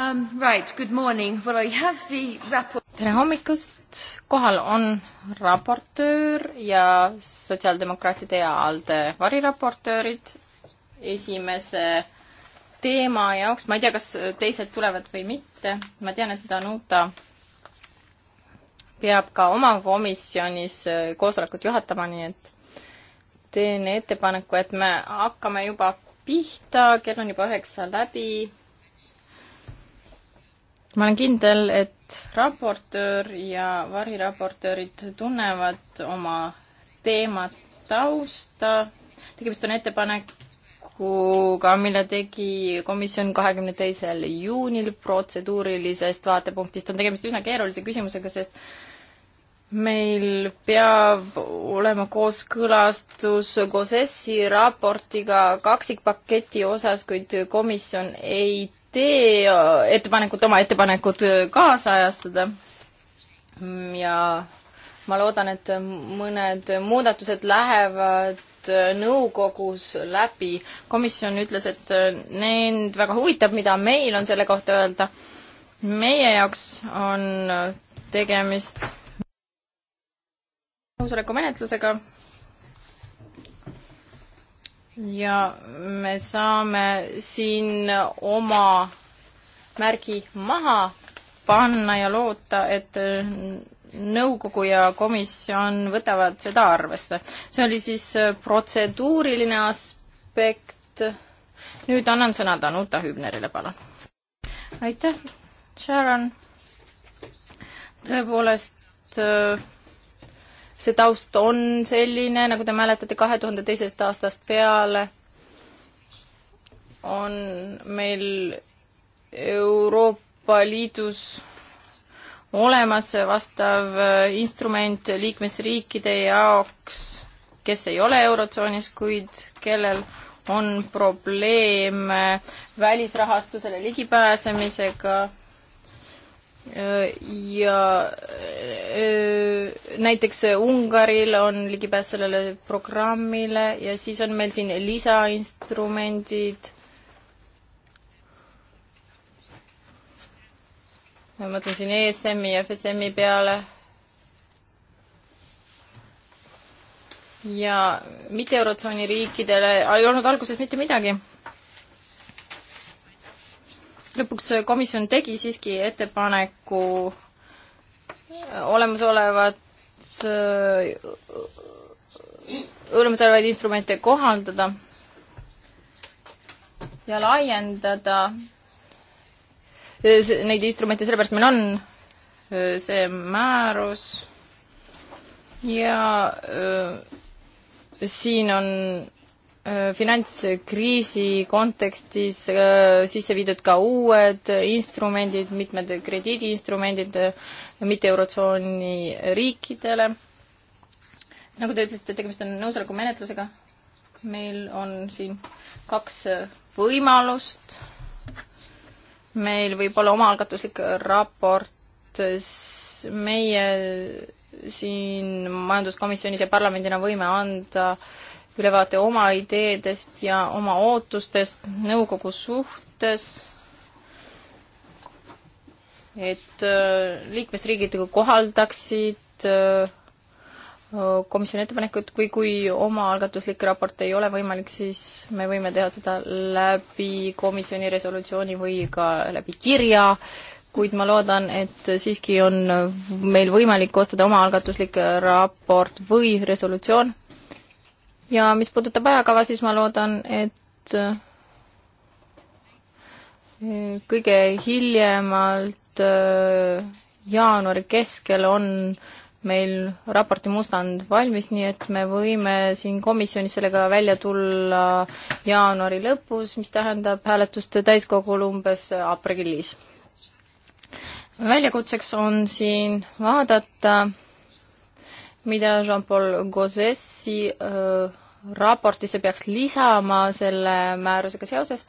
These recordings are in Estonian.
um,. Right, good morning, well I have the raport. tere hommikust, kohal on raportöör ja sotsiaaldemokraatide ja ALDE variraportöörid esimese teema jaoks, ma ei tea, kas teised tulevad või mitte, ma tean, et Danuta peab ka oma komisjonis koosolekut juhatama, nii et teen ettepaneku, et me hakkame juba pihta, kell on juba üheksa läbi ma olen kindel, et raportöör ja variraportöörid tunnevad oma teema tausta. tegemist on ettepanekuga, mille tegi komisjon kahekümne teisel juunil protseduurilisest vaatepunktist. on tegemist üsna keerulise küsimusega, sest meil peab olema kooskõlastus COSES-i raportiga kaksikpaketi osas, kuid komisjon ei tee ettepanekut, oma ettepanekut kaasajastada ja ma loodan, et mõned muudatused lähevad nõukogus läbi. komisjon ütles, et neid väga huvitab, mida meil on selle kohta öelda. meie jaoks on tegemist nõusoleku menetlusega ja me saame siin oma märgi maha panna ja loota, et nõukogu ja komisjon võtavad seda arvesse. see oli siis protseduuriline aspekt. nüüd annan sõna Danuta Hübnerile, palun. aitäh, Sharon. tõepoolest äh, see taust on selline, nagu te mäletate, kahe tuhande teisest aastast peale on meil Euroopa Liidus olemas vastav äh, instrument liikmesriikide jaoks, kes ei ole Eurotsoonis, kuid kellel on probleem äh, välisrahastusele ligipääsemisega ja äh, äh, näiteks Ungaril on ligipääs sellele programmile ja siis on meil siin lisainstrumendid. ma mõtlen siin ESM-i ja FSM-i peale. ja mitte Eurotsooni riikidele ei olnud alguses mitte midagi lõpuks komisjon tegi siiski ettepaneku olemasolevat äh, olemasolevaid instrumente kohaldada ja laiendada äh, neid instrumente, sellepärast meil on äh, see määrus ja öö, siin on Äh, finantskriisi kontekstis äh, sisse viidud ka uued instrumendid, mitmed krediidiinstrumendid äh, mitte Eurotsooni riikidele. nagu te ütlesite, tegemist on nõusoleku menetlusega. meil on siin kaks võimalust. meil võib olla omaalgatuslik raport, meie siin majanduskomisjonis ja parlamendina võime anda äh, ülevaate oma ideedest ja oma ootustest nõukogu suhtes, et äh, liikmesriigid nagu kohaldaksid äh, komisjoni ettepanekut, kui, kui omaalgatuslik raport ei ole võimalik, siis me võime teha seda läbi komisjoni resolutsiooni või ka läbi kirja, kuid ma loodan, et siiski on meil võimalik koostada omaalgatuslik raport või resolutsioon, ja mis puudutab ajakava, siis ma loodan, et eh, kõige hiljemalt eh, jaanuari keskel on meil raporti mustand valmis, nii et me võime siin komisjonis sellega välja tulla jaanuari lõpus, mis tähendab hääletust täiskogul umbes aprillis. väljakutseks on siin vaadata, mida Jean-Paul Gauzessi öö, eh, raportisse peaks lisama selle määrusega seoses,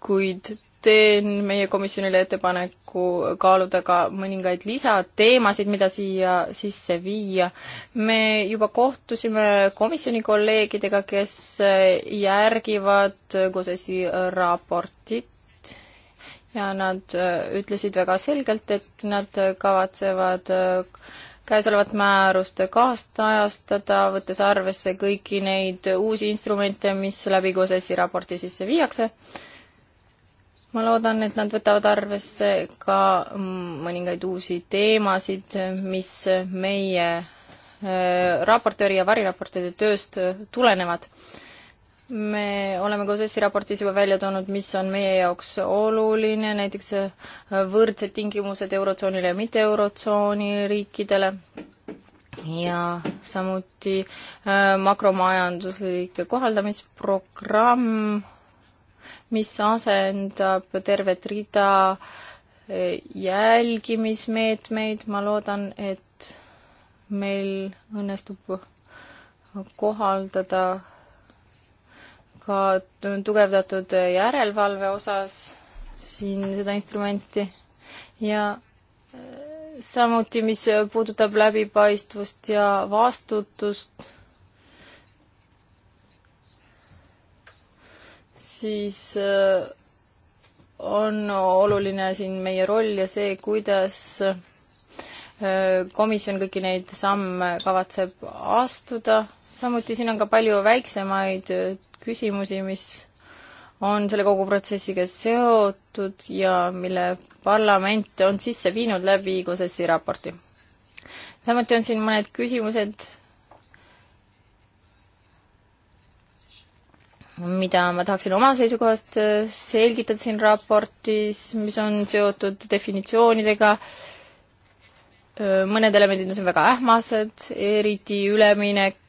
kuid teen meie komisjonile ettepaneku kaaluda ka mõningaid lisateemasid, mida siia sisse viia. me juba kohtusime komisjoni kolleegidega, kes järgivad Gozesi raportit ja nad ütlesid väga selgelt, et nad kavatsevad käesolevat määrust kaastajastada, võttes arvesse kõiki neid uusi instrumente, mis läbi koos ESI raporti sisse viiakse. ma loodan, et nad võtavad arvesse ka mõningaid uusi teemasid, mis meie äh, raportööri ja variraportööri tööst tulenevad me oleme ka OSS-i raportis juba välja toonud, mis on meie jaoks oluline, näiteks äh, võrdsed tingimused Eurotsoonile ja mitte Eurotsooni riikidele ja samuti äh, makromajanduslik kohaldamisprogramm, mis asendab tervet rida äh, jälgimismeetmeid, ma loodan, et meil õnnestub kohaldada ka tugevdatud järelevalve osas siin seda instrumenti ja äh, samuti, mis puudutab läbipaistvust ja vastutust, siis äh, on oluline siin meie roll ja see, kuidas äh, komisjon kõiki neid samme kavatseb astuda, samuti siin on ka palju väiksemaid küsimusi, mis on selle kogu protsessiga seotud ja mille parlament on sisse viinud läbi IGOSESi raporti. samuti on siin mõned küsimused, mida ma tahaksin oma seisukohast äh, selgitada siin raportis, mis on seotud definitsioonidega, äh, mõned elemendid on siin väga ähmased, eriti üleminek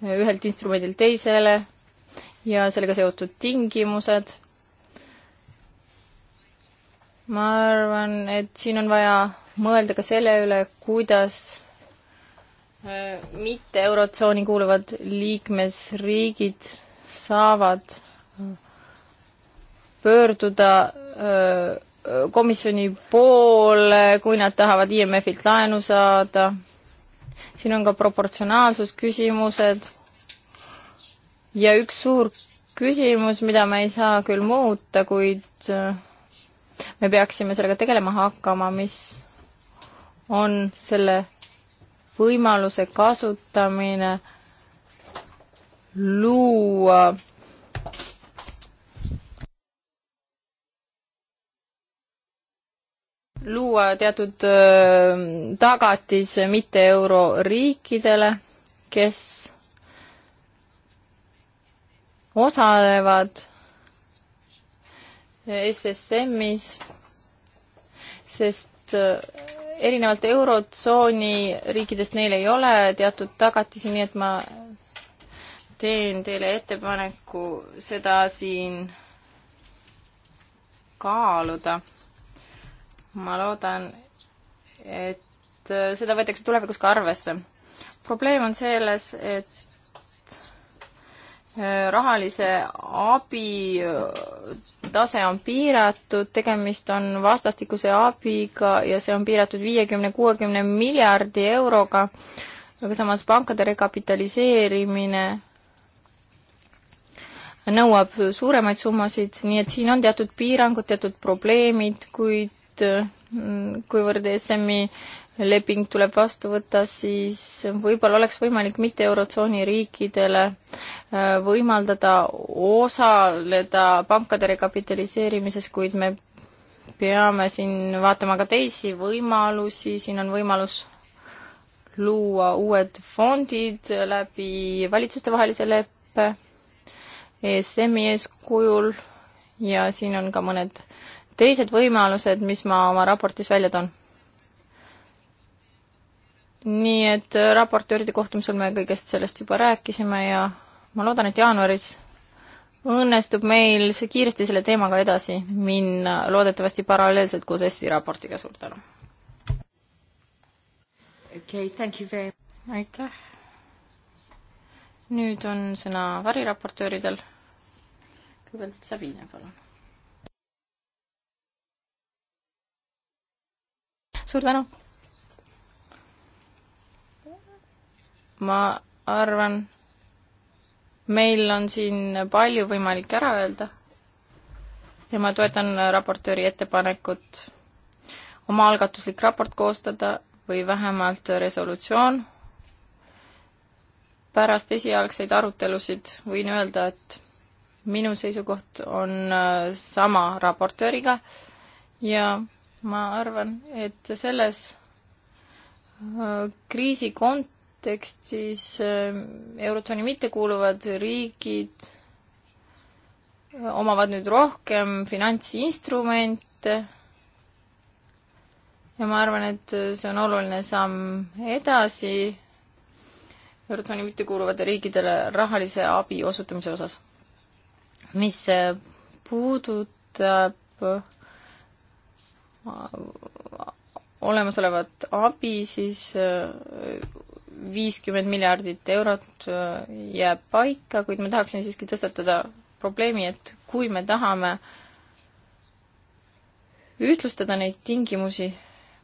ühelt instrumendilt teisele ja sellega seotud tingimused. ma arvan, et siin on vaja mõelda ka selle üle, kuidas äh, mitte Eurotsooni kuuluvad liikmesriigid saavad pöörduda äh, komisjoni poole, kui nad tahavad IMF-ilt laenu saada siin on ka proportsionaalsusküsimused ja üks suur küsimus, mida me ei saa küll muuta, kuid äh, me peaksime sellega tegelema hakkama, mis on selle võimaluse kasutamine luua luua teatud tagatis mitte euroriikidele, kes osalevad SSM-is, sest erinevalt Eurotsooni riikidest neil ei ole teatud tagatisi, nii et ma teen teile ettepaneku seda siin kaaluda ma loodan, et äh, seda võetakse tulevikus ka arvesse. probleem on selles, et äh, rahalise abi äh, tase on piiratud, tegemist on vastastikuse abiga ja see on piiratud viiekümne, kuuekümne miljardi euroga, aga samas pankade rekapitaliseerimine nõuab suuremaid summasid, nii et siin on teatud piirangud, teatud probleemid, kuid kuid mm, kuivõrd ESM-i leping tuleb vastu võtta, siis võib-olla oleks võimalik mitte Eurotsooni riikidele äh, võimaldada osaleda pankade rekapitaliseerimises, kuid me peame siin vaatama ka teisi võimalusi, siin on võimalus luua uued fondid läbi valitsustevahelise leppe ESM-i eeskujul ja siin on ka mõned teised võimalused, mis ma oma raportis välja toon. nii et äh, raportööride kohtumisel me kõigest sellest juba rääkisime ja ma loodan, et jaanuaris õnnestub meil see kiiresti selle teemaga edasi minna, loodetavasti paralleelselt koos ESSi raportiga, suur tänu. okei okay,, thank you very much. aitäh. nüüd on sõna variraportööridel. kõigepealt Sabine, palun suur tänu! ma arvan, meil on siin palju võimalik ära öelda ja ma toetan raportööri ettepanekut omaalgatuslik raport koostada või vähemalt resolutsioon. pärast esialgseid arutelusid võin öelda, et minu seisukoht on sama raportööriga ja ma arvan, et selles äh, kriisi kontekstis äh, Eurotsooni mittekuuluvad riigid äh, omavad nüüd rohkem finantsinstrumente ja ma arvan, et see on oluline samm edasi Eurotsooni mittekuuluvate riikidele rahalise abi osutamise osas. mis puudutab olemasolevat abi, siis äh, viiskümmend miljardit eurot äh, jääb paika, kuid ma tahaksin siiski tõstatada probleemi, et kui me tahame ühtlustada neid tingimusi,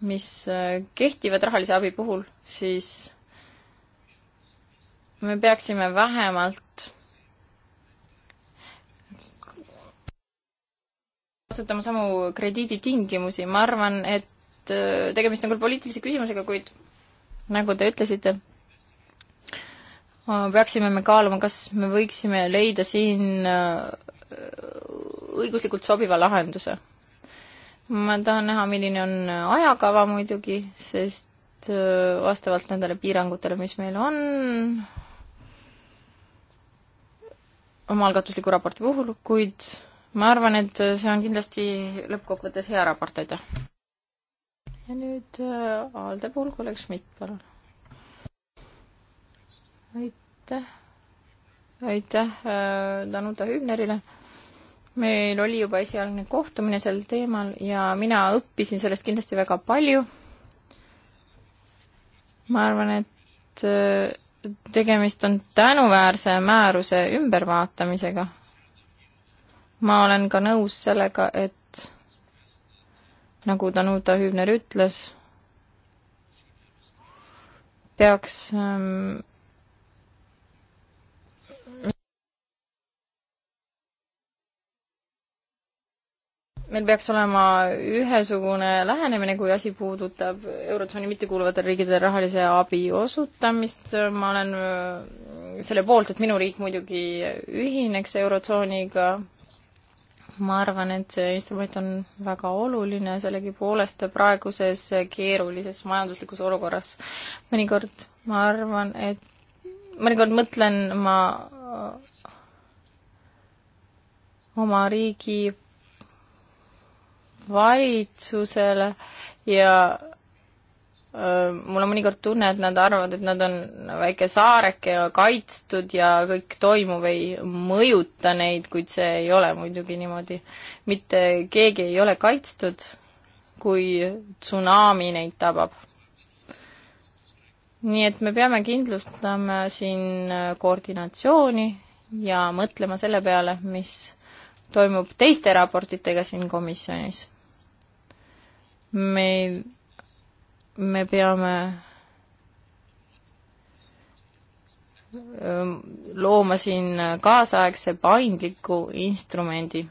mis äh, kehtivad rahalise abi puhul, siis me peaksime vähemalt kasutama samu krediiditingimusi, ma arvan, et äh, tegemist on küll poliitilise küsimusega, kuid nagu te ütlesite, äh, peaksime me kaaluma, kas me võiksime leida siin äh, õiguslikult sobiva lahenduse. ma tahan näha, milline on ajakava muidugi, sest vastavalt nendele piirangutele, mis meil on, omaalgatusliku raporti puhul, kuid ma arvan, et see on kindlasti lõppkokkuvõttes hea raport, aitäh. ja nüüd Aalde äh, pool, kolleeg Schmidt, palun. aitäh, aitäh äh, Danuta Hübnerile meil oli juba esialgne kohtumine sel teemal ja mina õppisin sellest kindlasti väga palju. ma arvan, et äh, tegemist on tänuväärse määruse ümbervaatamisega ma olen ka nõus sellega, et nagu Danuta Hübner ütles, peaks ähm, meil peaks olema ühesugune lähenemine, kui asi puudutab Eurotsooni mittekuuluvatele riikidele rahalise abi osutamist, ma olen äh, selle poolt, et minu riik muidugi ühineks Eurotsooniga, ma arvan, et see instrument on väga oluline sellegipoolest praeguses keerulises majanduslikus olukorras. mõnikord ma arvan, et, mõnikord mõtlen ma äh, oma riigi valitsusele ja mul on mõnikord tunne, et nad arvavad, et nad on väike saareke ja kaitstud ja kõik toimuv ei mõjuta neid, kuid see ei ole muidugi niimoodi. mitte keegi ei ole kaitstud, kui tsunami neid tabab. nii et me peame kindlustama siin koordinatsiooni ja mõtlema selle peale, mis toimub teiste raportitega siin komisjonis. meil me peame ähm, looma siin kaasaegse paindliku instrumendi.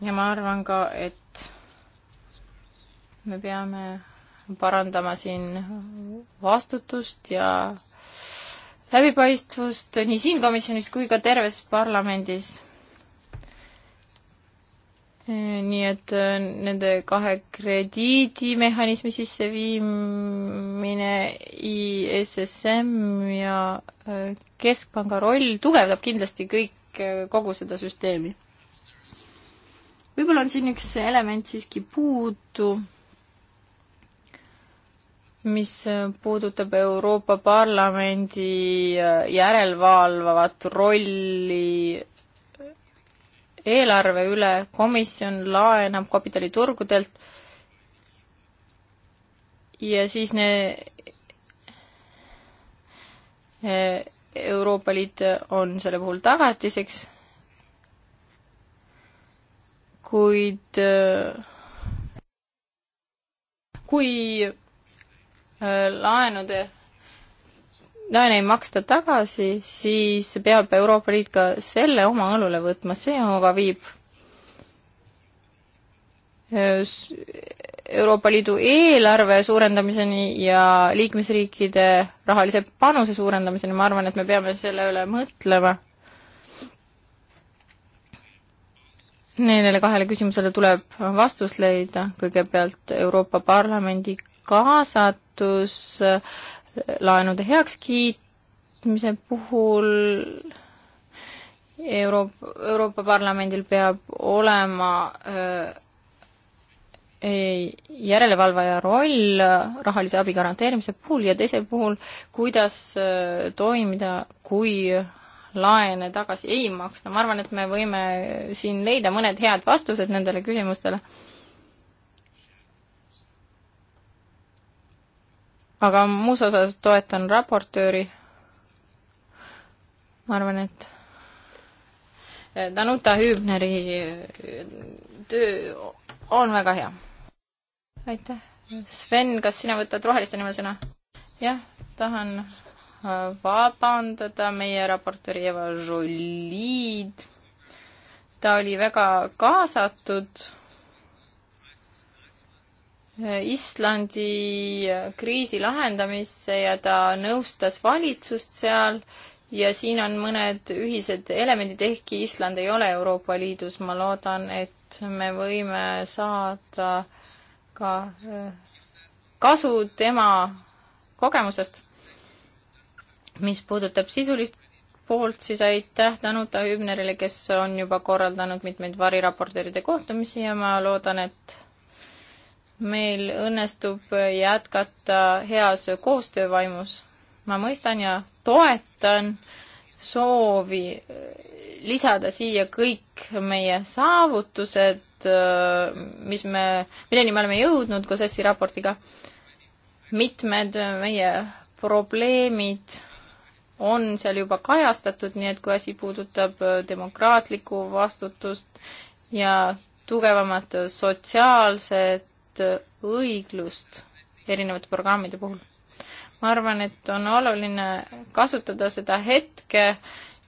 ja ma arvan ka, et me peame parandama siin vastutust ja läbipaistvust nii siin komisjonis kui ka terves parlamendis nii et äh, nende kahe krediidimehhanismi sisseviimine, ISSM ja äh, keskpanga roll tugevdab kindlasti kõik, äh, kogu seda süsteemi. võib-olla on siin üks element siiski puudu, mis puudutab Euroopa Parlamendi järelevalvavat rolli eelarve üle, komisjon laenab kapitaliturgudelt ja siis ne-, Euroopa Liit on selle puhul tagatiseks, kuid kui äh, laenude laen ei maksta tagasi, siis peab Euroopa Liit ka selle oma õlule võtma, see aga viib Euroopa Liidu eelarve suurendamiseni ja liikmesriikide rahalise panuse suurendamiseni, ma arvan, et me peame selle üle mõtlema. Nendele kahele küsimusele tuleb vastus leida, kõigepealt Euroopa Parlamendi kaasatus laenude heakskiitmise puhul Euroopa, Euroopa Parlamendil peab olema järelevalvaja roll rahalise abi garanteerimise puhul ja teisel puhul, kuidas toimida, kui laene tagasi ei maksta. ma arvan, et me võime siin leida mõned head vastused nendele küsimustele aga muus osas toetan raportööri. ma arvan, et Danuta Hübneri äh, töö on väga hea. aitäh. Sven, kas sina võtad roheliste nimel sõna? jah, tahan äh, vabandada meie raportööri Eva Jolid. ta oli väga kaasatud Islandi kriisi lahendamisse ja ta nõustas valitsust seal ja siin on mõned ühised elemendid, ehkki Island ei ole Euroopa Liidus, ma loodan, et me võime saada ka eh, kasu tema kogemusest. mis puudutab sisulist poolt, siis aitäh Danuta Hübnerile, kes on juba korraldanud mitmeid variraportööride kohtumisi ja ma loodan, et meil õnnestub jätkata heas koostöövaimus. ma mõistan ja toetan soovi lisada siia kõik meie saavutused, mis me, milleni me oleme jõudnud koos ESSi raportiga. mitmed meie probleemid on seal juba kajastatud, nii et kui asi puudutab demokraatlikku vastutust ja tugevamat sotsiaalset sotsiaalset õiglust erinevate programmide puhul. ma arvan, et on oluline kasutada seda hetke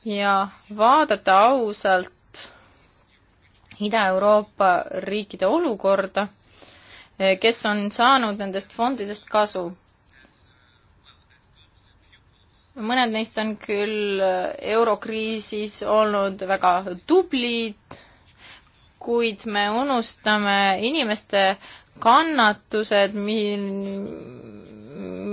ja vaadata ausalt Ida-Euroopa riikide olukorda, kes on saanud nendest fondidest kasu. mõned neist on küll eurokriisis olnud väga tublid, kuid me unustame inimeste kannatused,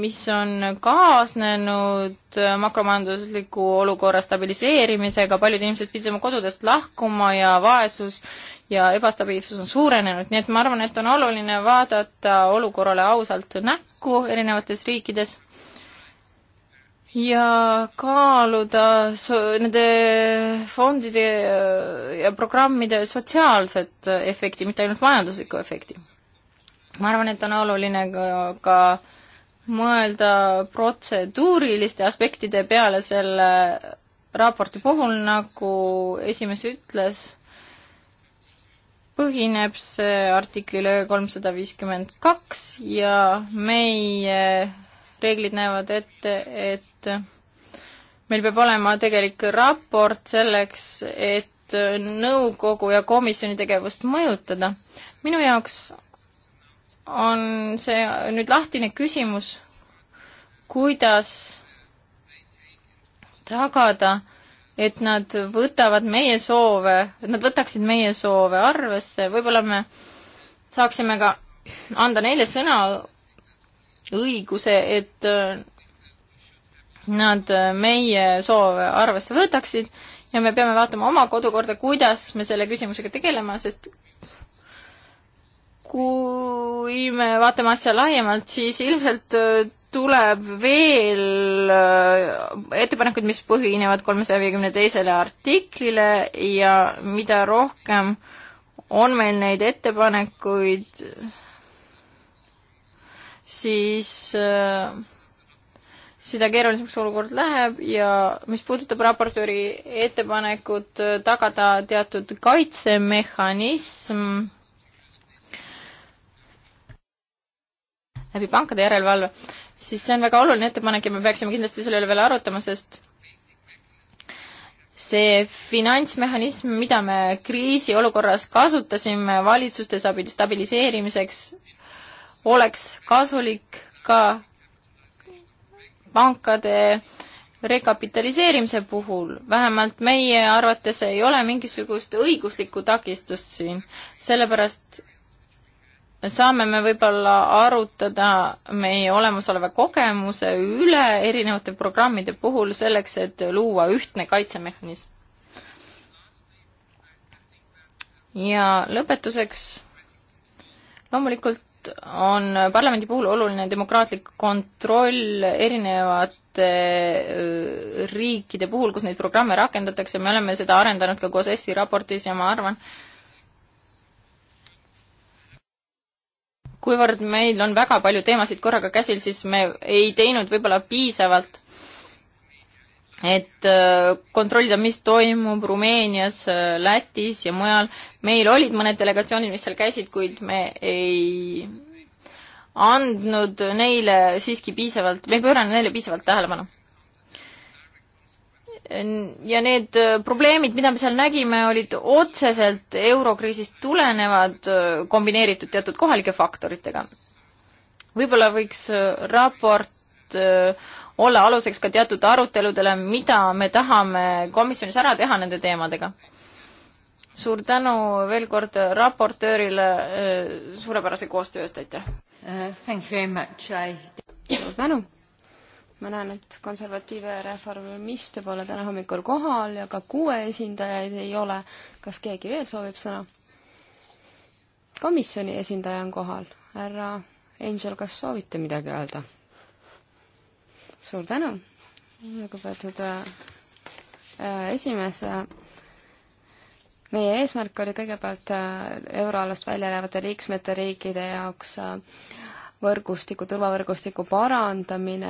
mis on kaasnenud makromajandusliku olukorra stabiliseerimisega, paljud inimesed pidid oma kodudest lahkuma ja vaesus ja ebastabiilsus on suurenenud, nii et ma arvan, et on oluline vaadata olukorrale ausalt näkku erinevates riikides ja kaaluda so-, nende fondide ja programmide sotsiaalset efekti, mitte ainult majanduslikku efekti ma arvan, et on oluline ka mõelda protseduuriliste aspektide peale selle raporti puhul, nagu esimees ütles, põhineb see artiklile kolmsada viiskümmend kaks ja meie reeglid näevad ette, et meil peab olema tegelik raport selleks, et nõukogu ja komisjoni tegevust mõjutada. minu jaoks on see nüüd lahtine küsimus, kuidas tagada, et nad võtavad meie soove, et nad võtaksid meie soove arvesse, võib-olla me saaksime ka anda neile sõna õiguse, et äh, nad äh, meie soove arvesse võtaksid ja me peame vaatama oma kodukorda, kuidas me selle küsimusega tegelema, sest kui me vaatame asja laiemalt, siis ilmselt äh, tuleb veel äh, ettepanekuid, mis põhinevad kolmesaja viiekümne teisele artiklile ja mida rohkem on meil neid ettepanekuid, siis äh, seda keerulisemaks olukord läheb ja mis puudutab raportööri ettepanekut tagada teatud kaitsemehhanism, läbi pankade järelevalve, siis see on väga oluline ettepanek ja me peaksime kindlasti selle üle veel arutama, sest see finantsmehhanism, mida me kriisiolukorras kasutasime valitsuste stabiliseerimiseks, oleks kasulik ka pankade rekapitaliseerimise puhul, vähemalt meie arvates ei ole mingisugust õiguslikku takistust siin, sellepärast saame me võib-olla arutada meie olemasoleva kogemuse üle erinevate programmide puhul selleks, et luua ühtne kaitsemehhanism. ja lõpetuseks, loomulikult on parlamendi puhul oluline demokraatlik kontroll erinevate äh, riikide puhul, kus neid programme rakendatakse, me oleme seda arendanud ka koos ESSi raportis ja ma arvan, kuivõrd meil on väga palju teemasid korraga käsil, siis me ei teinud võib-olla piisavalt, et äh, kontrollida, mis toimub Rumeenias, äh, Lätis ja mujal. meil olid mõned delegatsioonid, mis seal käisid, kuid me ei andnud neile siiski piisavalt, me ei pööranud neile piisavalt tähelepanu ja need äh, probleemid, mida me seal nägime, olid otseselt eurokriisist tulenevad, äh, kombineeritud teatud kohalike faktoritega. võib-olla võiks äh, raport olla aluseks ka teatud aruteludele, mida me tahame komisjonis ära teha nende teemadega. suur tänu veel kord raportöörile suurepärase koostöö eest, aitäh uh,! suur tänu! ma näen, et konservatiive ja reformiste pole täna hommikul kohal ja ka kuue esindajaid ei ole. kas keegi veel soovib sõna? komisjoni esindaja on kohal. härra Angel, kas soovite midagi öelda? suur tänu, lugupeetud äh, esimees. meie eesmärk oli kõigepealt äh, euroalast välja jäävate liikmete riikide jaoks äh, võrgustiku, turvavõrgustiku parandamine,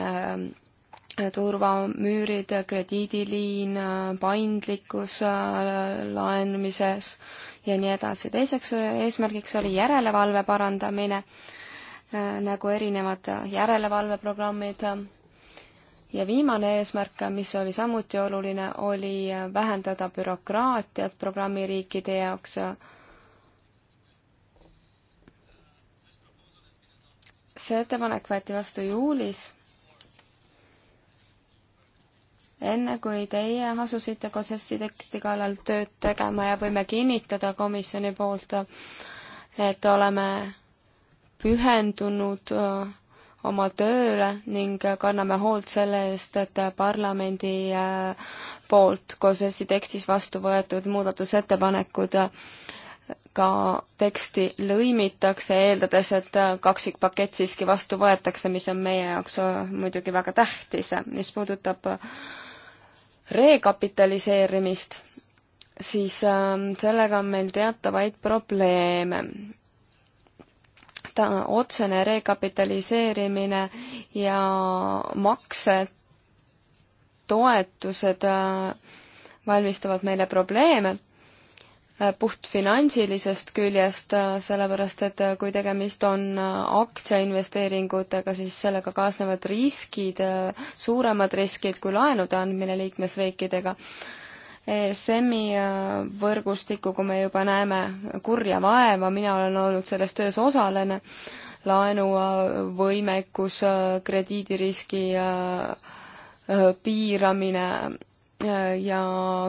turvamüürid, krediidiliin, paindlikkus laenamises ja nii edasi. teiseks eesmärgiks oli järelevalve parandamine, nagu erinevad järelevalveprogrammid. ja viimane eesmärk, mis oli samuti oluline, oli vähendada bürokraatiat programmiriikide jaoks see ettepanek võeti vastu juulis, enne kui teie asusite koos Eesti teksti kallal tööd tegema ja võime kinnitada komisjoni poolt, et oleme pühendunud äh, oma tööle ning kanname hoolt selle eest, et parlamendi äh, poolt COSES-i tekstis vastu võetud muudatusettepanekud äh, ka teksti lõimitakse, eeldades, et kaksikpakett siiski vastu võetakse, mis on meie jaoks äh, muidugi väga tähtis. mis puudutab äh, rekapitaliseerimist, siis ähm, sellega on meil teatavaid probleeme. ta otsene rekapitaliseerimine ja maksed, toetused äh, valmistavad meile probleeme Äh, puht finantsilisest küljest, äh, sellepärast et äh, kui tegemist on aktsiainvesteeringutega, siis sellega kaasnevad riskid, suuremad riskid kui laenude andmine liikmesriikidega. ESM-i võrgustikuga me juba näeme kurja vaeva, mina olen olnud selles töös osalene, laenuvõimekus, krediidiriski piiramine ja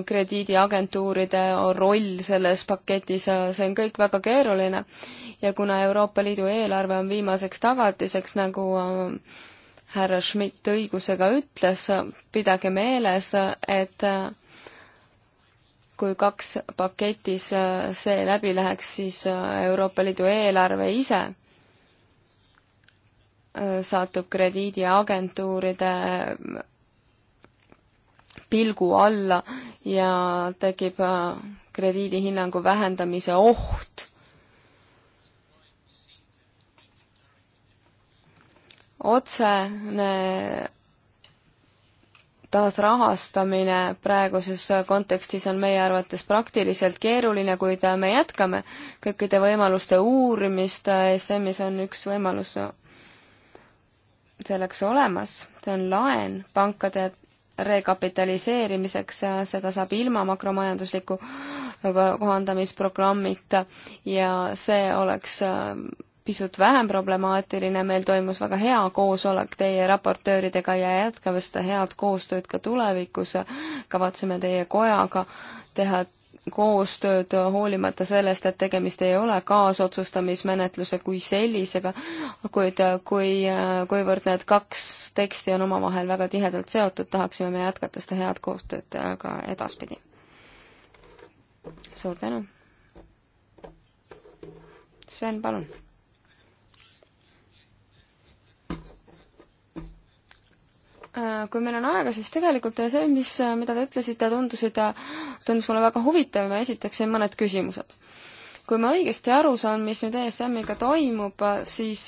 krediidiagentuuride roll selles paketis, see on kõik väga keeruline. ja kuna Euroopa Liidu eelarve on viimaseks tagatiseks, nagu äh, härra Schmidt õigusega ütles, pidage meeles, et äh, kui kaks paketis äh, see läbi läheks, siis Euroopa Liidu eelarve ise satub krediidiagentuuride pilgu alla ja tekib äh, krediidihinnangu vähendamise oht. otsene taasrahastamine praeguses kontekstis on meie arvates praktiliselt keeruline, kuid me jätkame kõikide võimaluste uurimist, ESM-is on üks võimalus selleks olemas, see on laen pankade rekapitaliseerimiseks, seda saab ilma makromajandusliku kohandamisprogrammita ja see oleks ähm, pisut vähem problemaatiline, meil toimus väga hea koosolek teie raportööridega ja jätkame seda head koostööd ka tulevikus. kavatseme teie kojaga teha koostööd, hoolimata sellest, et tegemist ei ole kaasotsustamismenetluse kui sellisega, kuid kui, kuivõrd need kaks teksti on omavahel väga tihedalt seotud, tahaksime me jätkata seda head koostööd ka edaspidi. suur tänu! Sven, palun! Äh, kui meil on aega, siis tegelikult see, mis, äh, mida te ütlesite, tundusid, äh, tundus mulle väga huvitav ja ma esitaksin mõned küsimused. kui ma õigesti aru saan, mis nüüd ESM-iga toimub, siis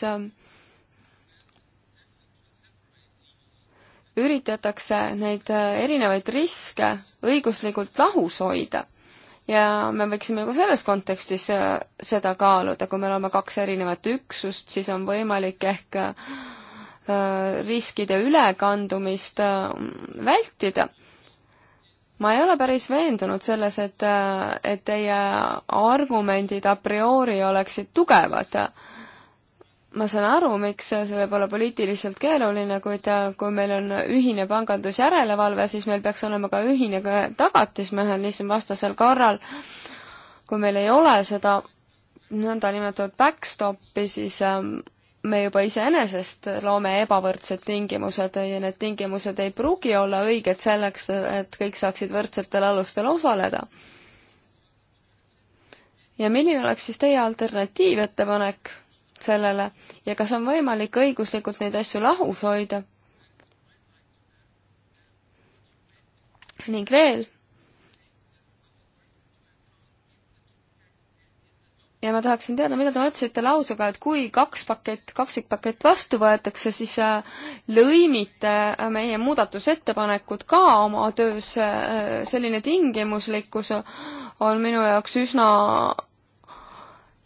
üritatakse neid erinevaid riske õiguslikult lahus hoida ja me võiksime ka selles kontekstis seda kaaluda, kui me oleme kaks erinevat üksust, siis on võimalik ehk Äh, riskide ülekandumist äh, vältida. ma ei ole päris veendunud selles, et, äh, et teie argumendid a priori oleksid tugevad. ma saan aru, miks see võib olla poliitiliselt keeruline, kuid kui meil on ühine pangandusjärelevalve, siis meil peaks olema ka ühine tagatismehhanism vastasel korral, kui meil ei ole seda nõndanimetatud backstopi, siis ähm, me juba iseenesest loome ebavõrdsed tingimused ja need tingimused ei pruugi olla õiged selleks, et kõik saaksid võrdsetel alustel osaleda. ja milline oleks siis teie alternatiivettepanek sellele ja kas on võimalik õiguslikult neid asju lahus hoida? ning veel, ja ma tahaksin teada, mida te mõtlesite lausega, et kui kaks pakett, kaksikpakett vastu võetakse, siis äh, lõimite äh, meie muudatusettepanekud ka oma töös. Äh, selline tingimuslikkus on minu jaoks üsna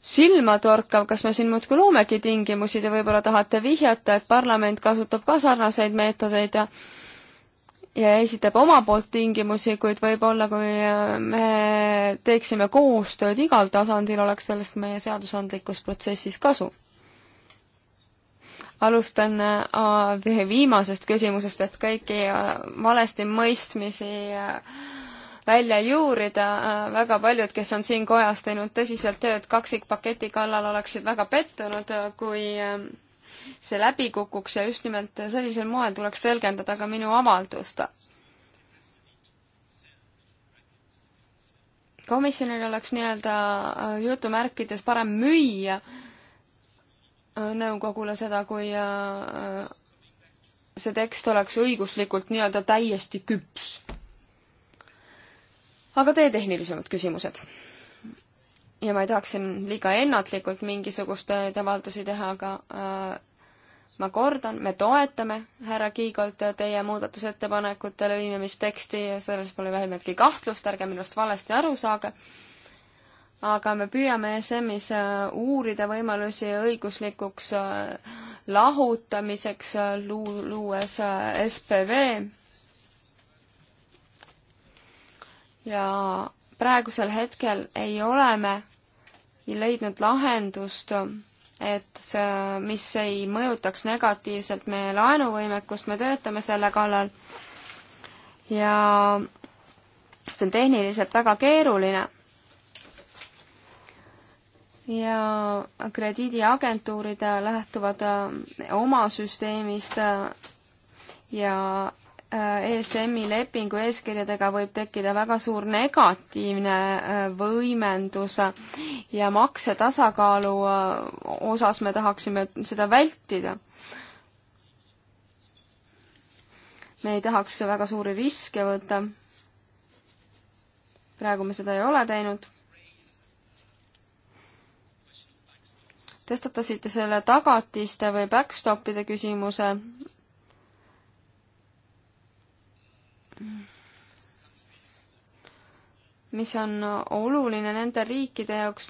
silmatorkav, kas me siin muudkui loomegi tingimusi, te võib-olla tahate vihjata, et parlament kasutab ka sarnaseid meetodeid ja ja esitab oma poolt tingimusi, kuid võib-olla kui äh, me teeksime koostööd igal tasandil, oleks sellest meie seadusandlikus protsessis kasu. alustan äh, viimasest küsimusest, et kõiki äh, valesti mõistmisi välja juurida, väga paljud, kes on siin kojas teinud tõsiselt tööd kaksikpaketi kallal, oleksid väga pettunud, kui see läbi kukuks ja just nimelt sellisel moel tuleks tõlgendada ka minu avaldust. komisjonil oleks nii-öelda äh, jutumärkides parem müüa äh, nõukogule seda, kui äh, see tekst oleks õiguslikult nii-öelda täiesti küps. aga teie tehnilisemad küsimused? ja ma ei tahaks siin liiga ennatlikult mingisuguseid avaldusi teha, aga äh, ma kordan, me toetame härra Kiigolt teie muudatusettepanekute lõimimisteksti ja selles pole vähimatki kahtlust, ärge minust valesti aru saage. aga me püüame ESM-is äh, uurida võimalusi õiguslikuks äh, lahutamiseks, äh, luues SPV. ja praegusel hetkel ei ole me leidnud lahendust et see, mis ei mõjutaks negatiivselt meie laenuvõimekust, me töötame selle kallal ja see on tehniliselt väga keeruline. ja krediidiagentuurid lähtuvad oma süsteemist ja Äh, ESM-i lepingu eeskirjadega võib tekkida väga suur negatiivne äh, võimendus ja maksetasakaalu äh, osas me tahaksime seda vältida. me ei tahaks väga suuri riske võtta. praegu me seda ei ole teinud tõstatasite selle tagatiste või backstopide küsimuse mis on oluline nende riikide jaoks,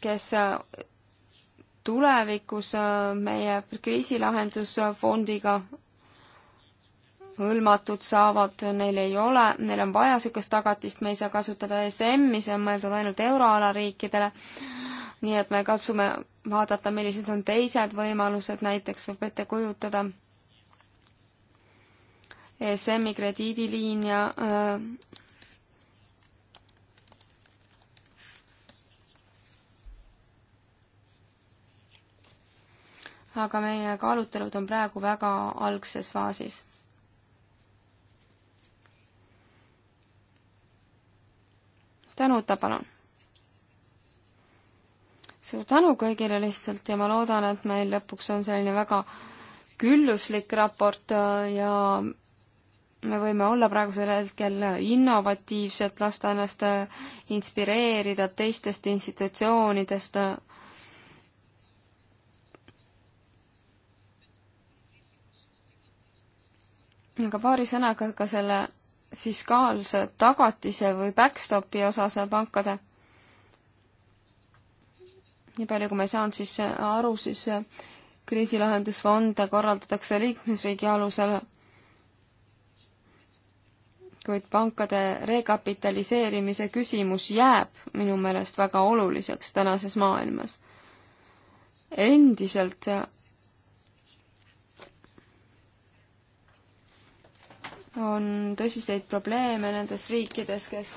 kes tulevikus meie kriisilahendusfondiga hõlmatud saavad, neil ei ole, neil on vaja niisugust tagatist, me ei saa kasutada ESM-i, see on mõeldud ainult euroala riikidele, nii et me katsume vaadata, millised on teised võimalused, näiteks võib ette kujutada ESM-i krediidiliin ja öö, äh, aga meie kaalutelud on praegu väga algses faasis. tänuta, palun! suur tänu kõigile lihtsalt ja ma loodan, et meil lõpuks on selline väga külluslik raport äh, ja me võime olla praegusel hetkel innovatiivsed, lasta ennast äh, inspireerida teistest institutsioonidest. Äh. aga paari sõnaga ka selle fiskaalse tagatise või backstopi osas pankade. nii palju, kui ma saan siis aru, siis äh, kriisilahendusfonde korraldatakse liikmesriigi alusel kuid pankade rekapitaliseerimise küsimus jääb minu meelest väga oluliseks tänases maailmas. endiselt on tõsiseid probleeme nendes riikides, kes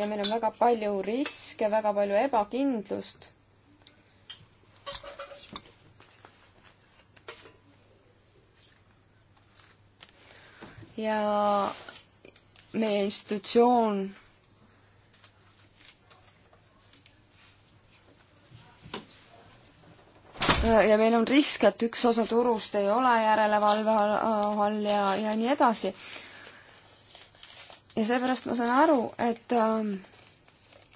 ja meil on väga palju riske, väga palju ebakindlust ja meie institutsioon ja meil on risk, et üks osa turust ei ole järelevalve all ja, ja nii edasi. ja seepärast ma saan aru, et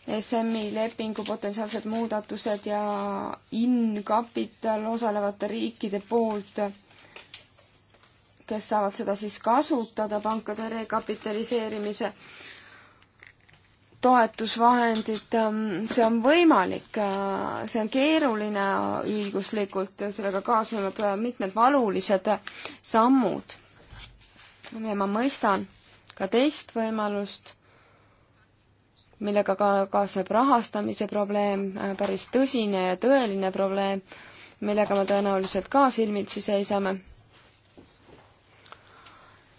ESM-i ähm, lepingu potentsiaalsed muudatused ja in-kapital osalevate riikide poolt kes saavad seda siis kasutada pankade rekapitaliseerimise toetusvahendid, see on võimalik, see on keeruline õiguslikult, sellega kaasnevad mitmed valulised sammud. ja ma mõistan ka teist võimalust, millega ka kaasneb rahastamise probleem, päris tõsine ja tõeline probleem, millega me tõenäoliselt ka silmitsi seisame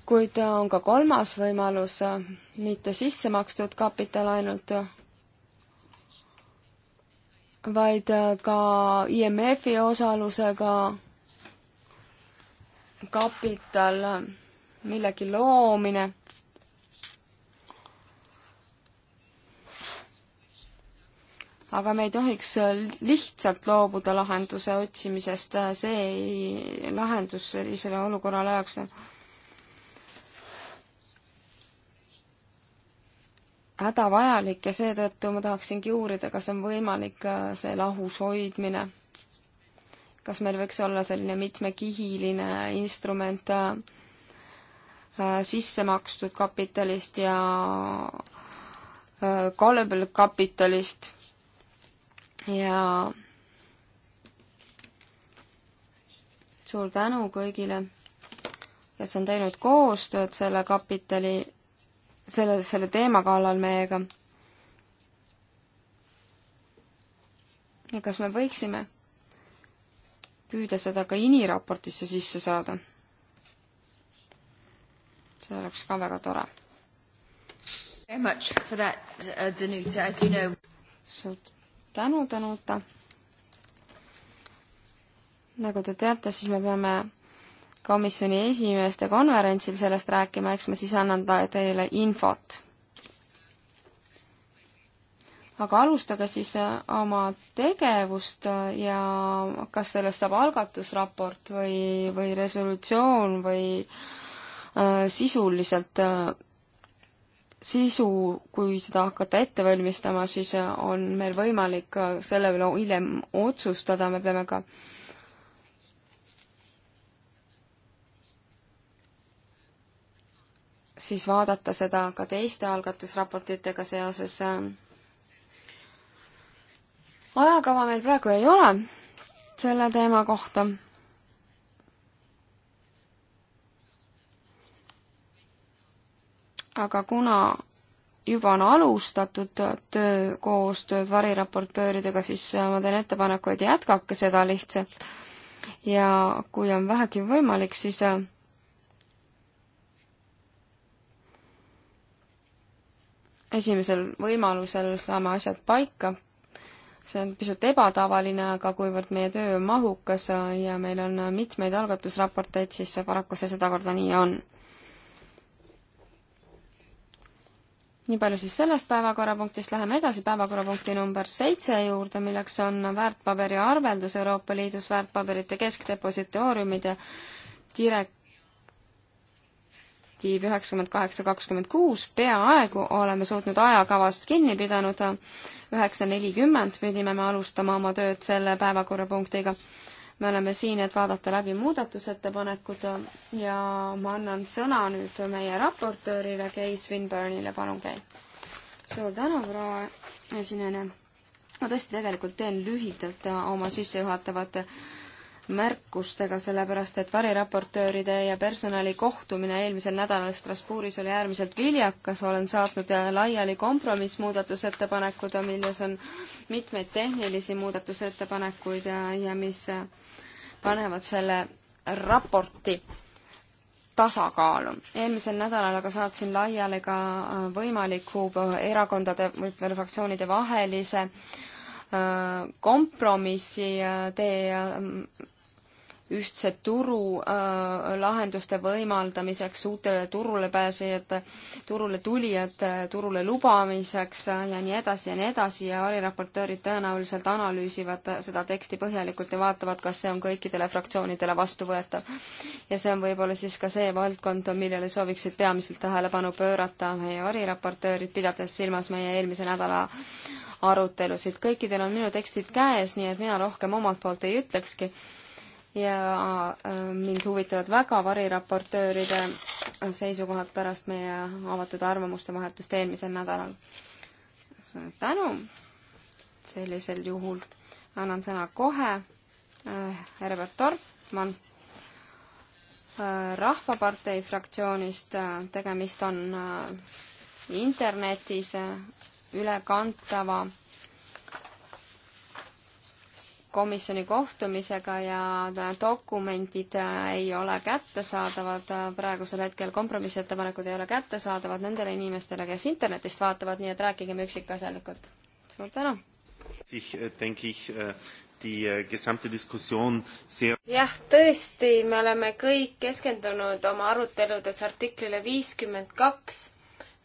kuid äh, on ka kolmas võimalus, äh, mitte sisse makstud kapital ainult, vaid äh, ka IMF-i osalusega kapital, millegi loomine aga me ei tohiks lihtsalt loobuda lahenduse otsimisest, see ei, lahendus sellisele olukorrale ajaks hädavajalik ja seetõttu ma tahaksingi uurida, kas on võimalik see lahus hoidmine. kas meil võiks olla selline mitmekihiline instrument äh, äh, sisse makstud kapitalist ja äh, callable kapitalist ja suur tänu kõigile, kes on teinud koostööd selle kapitali selle, selle teema kallal meiega. ja kas me võiksime püüda seda ka iniraportisse sisse saada? see oleks ka väga tore. Uh, suur tänu, Danuta. nagu te teate, siis me peame komisjoni esimeeste konverentsil sellest rääkima, eks ma siis annan teile infot. aga alustage siis äh, oma tegevust äh, ja kas sellest saab algatusraport või, või resolutsioon või äh, sisuliselt äh, sisu, kui seda hakata ette valmistama, siis äh, on meil võimalik selle üle hiljem otsustada, me peame ka äh, siis vaadata seda ka teiste algatusraportitega seoses. ajakava meil praegu ei ole selle teema kohta. aga kuna juba on alustatud töö, koostööd variraportööridega, siis ma teen ettepaneku, et jätkake seda lihtsalt. ja kui on vähegi võimalik, siis esimesel võimalusel saame asjad paika. see on pisut ebatavaline, aga kuivõrd meie töö on mahukas ja meil on mitmeid algatusraporteid, siis paraku see sedakorda nii on. nii palju siis sellest päevakorrapunktist, läheme edasi päevakorrapunkti number seitse juurde, milleks on väärtpaberi arveldus Euroopa Liidus väärtpaberite keskdepositooriumide direk-, direktiiv üheksakümmend kaheksa kakskümmend kuus, peaaegu oleme suutnud ajakavast kinni pidanud, üheksa nelikümmend pidime me alustama oma tööd selle päevakorrapunktiga. me oleme siin, et vaadata läbi muudatusettepanekud ja ma annan sõna nüüd meie raportöörile, Kei Swinburne'ile, palun Kei. suur tänu, proua esineja. ma tõesti tegelikult teen lühidalt oma sissejuhatavate märkustega, sellepärast et variraportööride ja personali kohtumine eelmisel nädalal Strasbourgis oli äärmiselt viljakas, olen saatnud laiali kompromissmuudatusettepanekud, milles on mitmeid tehnilisi muudatusettepanekuid ja, ja mis panevad selle raporti tasakaalu. eelmisel nädalal aga saatsin laiali ka võimaliku erakondade või fraktsioonide vahelise äh, kompromissi tee äh, ühtse turu äh, lahenduste võimaldamiseks, uutele turule pääsejate, turule tulijate, äh, turule lubamiseks äh, ja nii edasi ja nii edasi ja variraportöörid tõenäoliselt analüüsivad äh, seda teksti põhjalikult ja vaatavad, kas see on kõikidele fraktsioonidele vastuvõetav. ja see on võib-olla siis ka see valdkond, millele sooviksid peamiselt tähelepanu pöörata meie variraportöörid, pidades silmas meie eelmise nädala arutelusid. kõikidel on minu tekstid käes, nii et mina rohkem omalt poolt ei ütlekski ja äh, mind huvitavad väga variraportööride seisukohad pärast meie avatud arvamuste vahetust eelmisel nädalal. suur tänu! sellisel juhul annan sõna kohe äh, Herbert Tortmann äh, Rahvapartei fraktsioonist, tegemist on internetis ülekantava komisjoni kohtumisega ja dokumendid äh, ei ole kättesaadavad äh, praegusel hetkel, kompromissettepanekud ei ole kättesaadavad nendele inimestele, kes internetist vaatavad, nii et rääkigem üksikasjalikult. suur tänu! Äh, jah, tõesti, me oleme kõik keskendunud oma aruteludes artiklile viiskümmend kaks,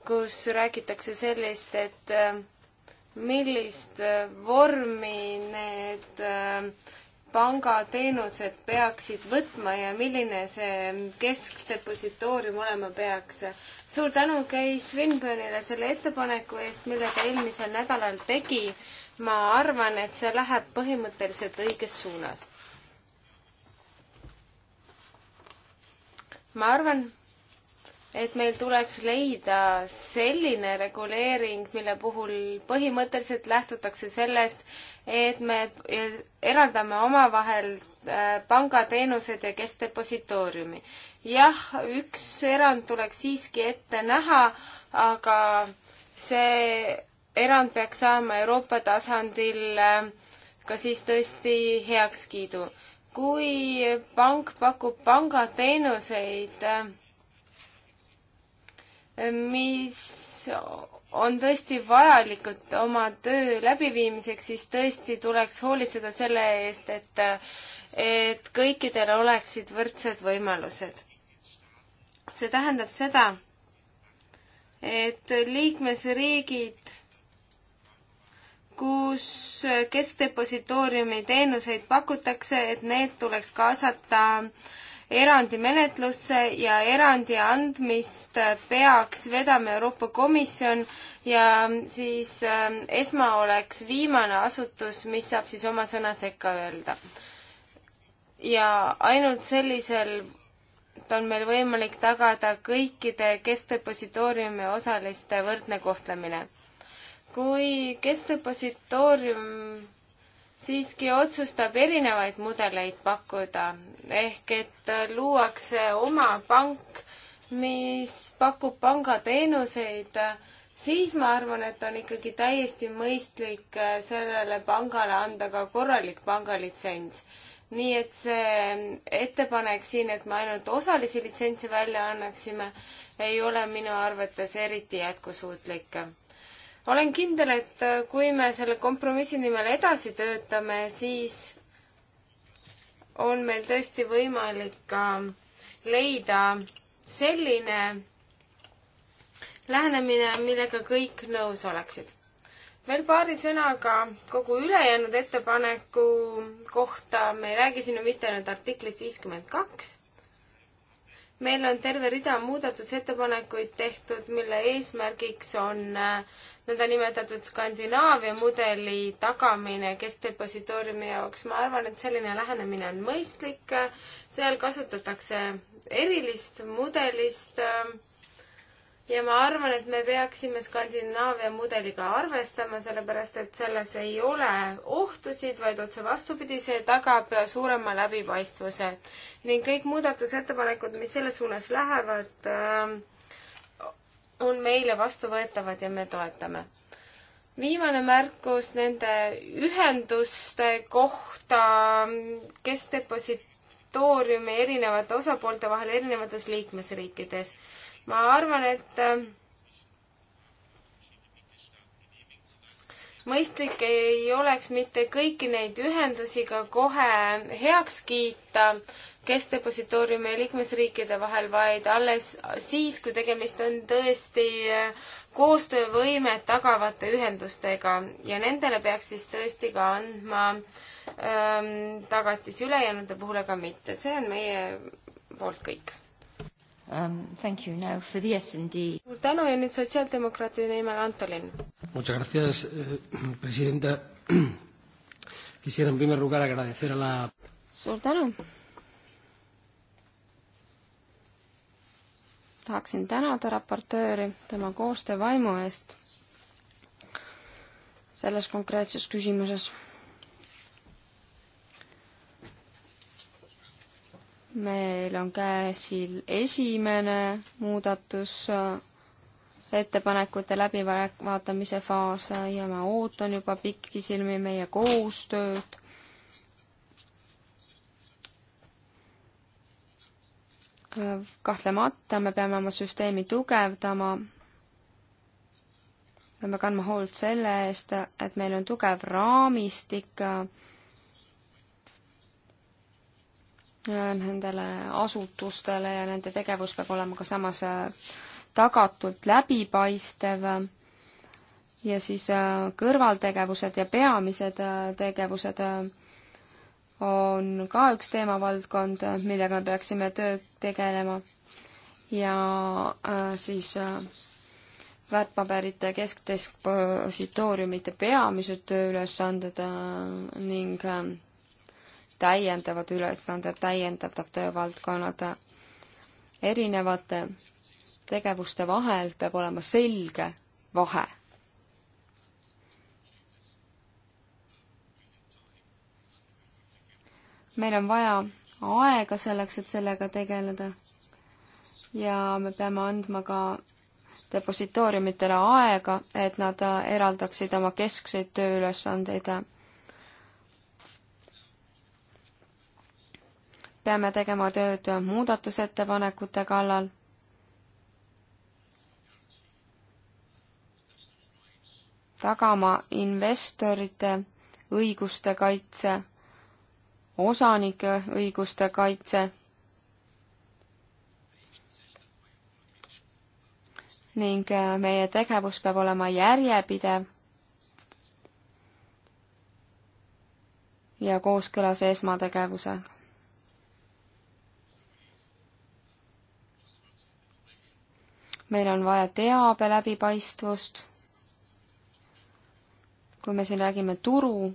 kus räägitakse sellest, et millist äh, vormi need äh, pangateenused peaksid võtma ja milline see keskdepositoorium olema peaks. suur tänu Kei Svinbjörnile selle ettepaneku eest, mille ta eelmisel nädalal tegi. ma arvan, et see läheb põhimõtteliselt õiges suunas. ma arvan, et meil tuleks leida selline reguleering, mille puhul põhimõtteliselt lähtutakse sellest, et me eraldame omavahel äh, pangateenused ja keskdepositooriumi. jah, üks erand tuleks siiski ette näha, aga see erand peaks saama Euroopa tasandil äh, ka siis tõesti heakskiidu. kui pank pakub pangateenuseid äh, mis on tõesti vajalikud oma töö läbiviimiseks, siis tõesti tuleks hoolitseda selle eest, et, et kõikidel oleksid võrdsed võimalused. see tähendab seda, et liikmesriigid, kus keskdepositooriumi teenuseid pakutakse, et need tuleks kaasata äh, erandimenetlusse ja erandi andmist peaks vedama Euroopa Komisjon ja siis ähm, ESMA oleks viimane asutus, mis saab siis oma sõna sekka öelda. ja ainult sellisel on meil võimalik tagada kõikide keskdepositooriumi osaliste võrdne kohtlemine. kui keskdepositoorium siiski otsustab erinevaid mudeleid pakkuda, ehk et äh, luuakse oma pank, mis pakub pangateenuseid, siis ma arvan, et on ikkagi täiesti mõistlik äh, sellele pangale anda ka korralik pangalitsents. nii et see ähm, ettepanek siin, et me ainult osalisi litsentse välja annaksime, ei ole minu arvates eriti jätkusuutlik olen kindel, et äh, kui me selle kompromissi nimel edasi töötame, siis on meil tõesti võimalik ka leida selline lähenemine, millega kõik nõus oleksid. veel paari sõnaga kogu ülejäänud ettepaneku kohta, me ei räägi siin ju mitte ainult artiklist viiskümmend kaks, meil on terve rida muudatusettepanekuid tehtud, mille eesmärgiks on äh, nõndanimetatud Skandinaavia mudeli tagamine keskdepositooriumi jaoks. ma arvan, et selline lähenemine on mõistlik. seal kasutatakse erilist mudelist äh, ja ma arvan, et me peaksime Skandinaavia mudeliga arvestama, sellepärast et selles ei ole ohtusid, vaid otse vastupidi, see tagab suurema läbipaistvuse. ning kõik muudatusettepanekud, mis selles suunas lähevad, ähm, on meile vastuvõetavad ja me toetame. viimane märkus nende ühenduste kohta, ähm, kes depositooriumi erinevate osapoolte vahel erinevates liikmesriikides ma arvan, et äh, mõistlik ei oleks mitte kõiki neid ühendusi ka kohe heaks kiita, kes depositooriumi ja liikmesriikide vahel, vaid alles siis, kui tegemist on tõesti äh, koostöövõimet tagavate ühendustega ja nendele peaks siis tõesti ka andma ähm, tagatis ülejäänute puhul, aga mitte. see on meie poolt kõik Um, thank you now for the S&D. suur tänu ja nüüd sotsiaaldemokraatide nimel Antolin. Muchas gracias eh,, presidenta. Quisiera en primer lugar agradecer a la suur tänu. tahaksin tänada raportööri tema koostöövaimu eest selles konkreetses küsimuses meil on käesil esimene muudatus ettepanekute läbivaatamise faas ja ma ootan juba pikisilmi meie koostööd. kahtlemata me peame oma süsteemi tugevdama. peame kandma hoolt selle eest, et meil on tugev raamistik nendele asutustele ja nende tegevus peab olema ka samas äh, tagatult läbipaistev ja siis äh, kõrvaltegevused ja peamised äh, tegevused on ka üks teemavaldkond, millega me peaksime töö tegelema. ja siis väärtpaberite keskdepositooriumite peamised tööülesanded ning täiendavad ülesanded, täiendavad töövaldkonnad. erinevate tegevuste vahel peab olema selge vahe. meil on vaja aega selleks, et sellega tegeleda. ja me peame andma ka depositooriumitele aega, et nad eraldaksid oma keskseid tööülesandeid peame tegema tööd muudatusettepanekute kallal. tagama investorite õiguste kaitse, osanike õiguste kaitse ning äh, meie tegevus peab olema järjepidev ja kooskõlas esmategevusega. meil on vaja teabe läbipaistvust, kui me siin räägime turu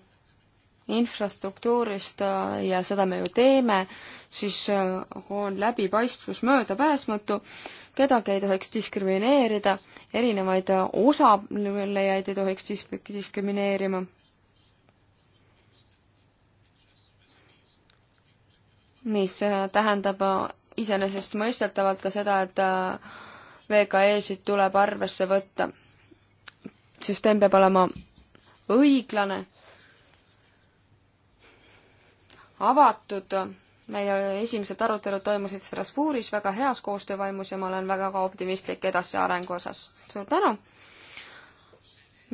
infrastruktuurist äh, ja seda me ju teeme, siis äh, on läbipaistvus möödapääsmatu, kedagi ei tohiks diskrimineerida, erinevaid äh, osalejaid ei tohiks dis-, diskrimineerima. mis tähendab iseenesestmõistetavalt ka seda, et VKE-sid tuleb arvesse võtta. süsteem peab olema õiglane, avatud, meie esimesed arutelud toimusid Strasbourgis väga heas koostöövaimus ja ma olen väga ka optimistlik edasiarengu osas. suur tänu!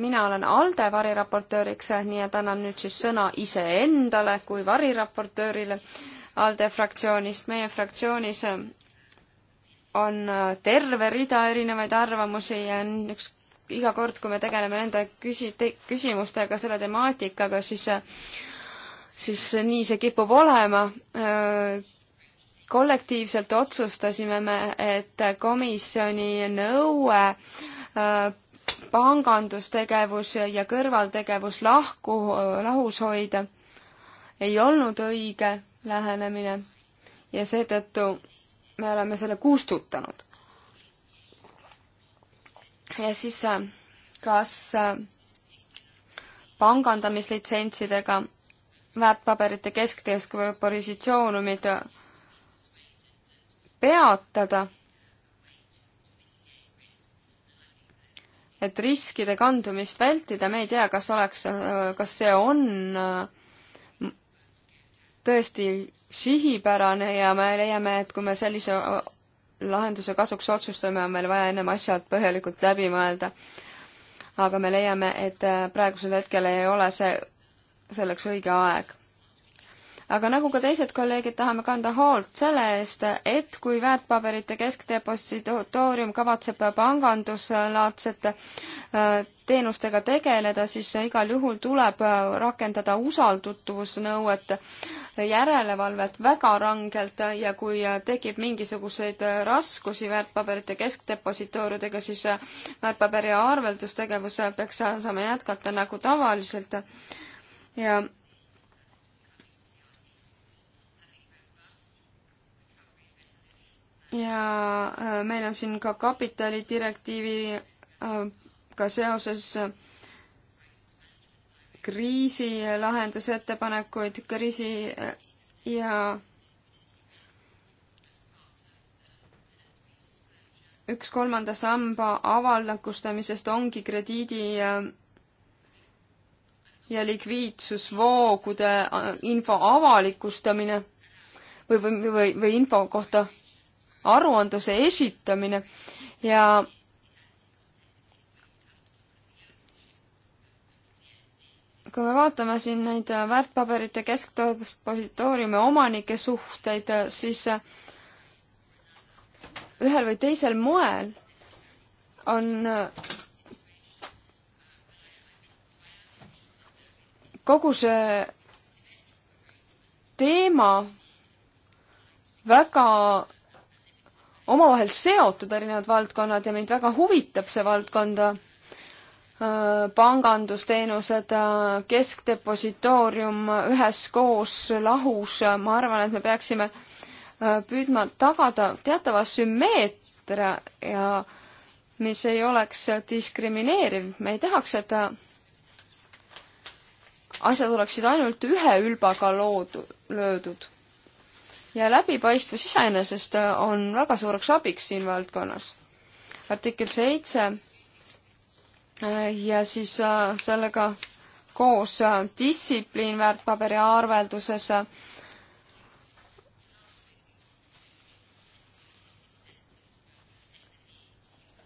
mina olen ALDE variraportööriks, nii et annan nüüd siis sõna iseendale kui variraportöörile ALDE fraktsioonist. meie fraktsioonis on äh, terve rida erinevaid arvamusi ja on üks, iga kord, kui me tegeleme nende küsi-, küsimustega, selle temaatikaga, siis, äh, siis nii see kipub olema äh, kollektiivselt otsustasime me, et komisjoni nõue pangandustegevus ja kõrvaltegevus lahku, lahus hoida ei olnud õige lähenemine ja seetõttu me oleme selle kustutanud. ja siis äh, kas äh, pangandamislitsentsidega väärtpaberite keskteesk või positsioonumid peatada, et riskide kandumist vältida, me ei tea, kas oleks, äh, kas see on äh, tõesti sihipärane ja me leiame, et kui me sellise lahenduse kasuks otsustame, on meil vaja ennem asjad põhjalikult läbi mõelda. aga me leiame, et äh, praegusel hetkel ei ole see selleks õige aeg aga nagu ka teised kolleegid, tahame kanda hoolt selle eest, et kui väärtpaberite keskdepositoorium kavatseb panganduslaadsete äh, teenustega tegeleda, siis igal juhul tuleb äh, rakendada usaldatavusnõuet, järelevalvet väga rangelt ja kui äh, tekib mingisuguseid raskusi väärtpaberite keskdepositooridega, siis väärtpaberi arveldustegevus peaks saama jätkata nagu tavaliselt ja ja äh, meil on siin ka kapitalidirektiiviga äh, seoses äh, kriisi lahendusettepanekuid, kriisi ja üks kolmanda samba avalikustamisest ongi krediidi ja, ja likviidsusvoogude info avalikustamine või, või, või, või info kohta aruandluse esitamine ja kui me vaatame siin neid väärtpaberite keskdepositooriumi omanike suhteid, siis ühel või teisel moel on kogu see teema väga omavahel seotud, erinevad valdkonnad, ja mind väga huvitab see valdkond, äh, pangandusteenused, äh, keskdepositoorium üheskoos, lahus, ma arvan, et me peaksime äh, püüdma tagada teatava sümmeetria ja mis ei oleks diskrimineeriv, me ei tahaks, et asjad oleksid ainult ühe ülbaga loodud, löödud ja läbipaistvus iseenesest äh, on väga suureks abiks siin valdkonnas. artikkel seitse äh, ja siis äh, sellega koos distsipliin väärtpaberi arvelduses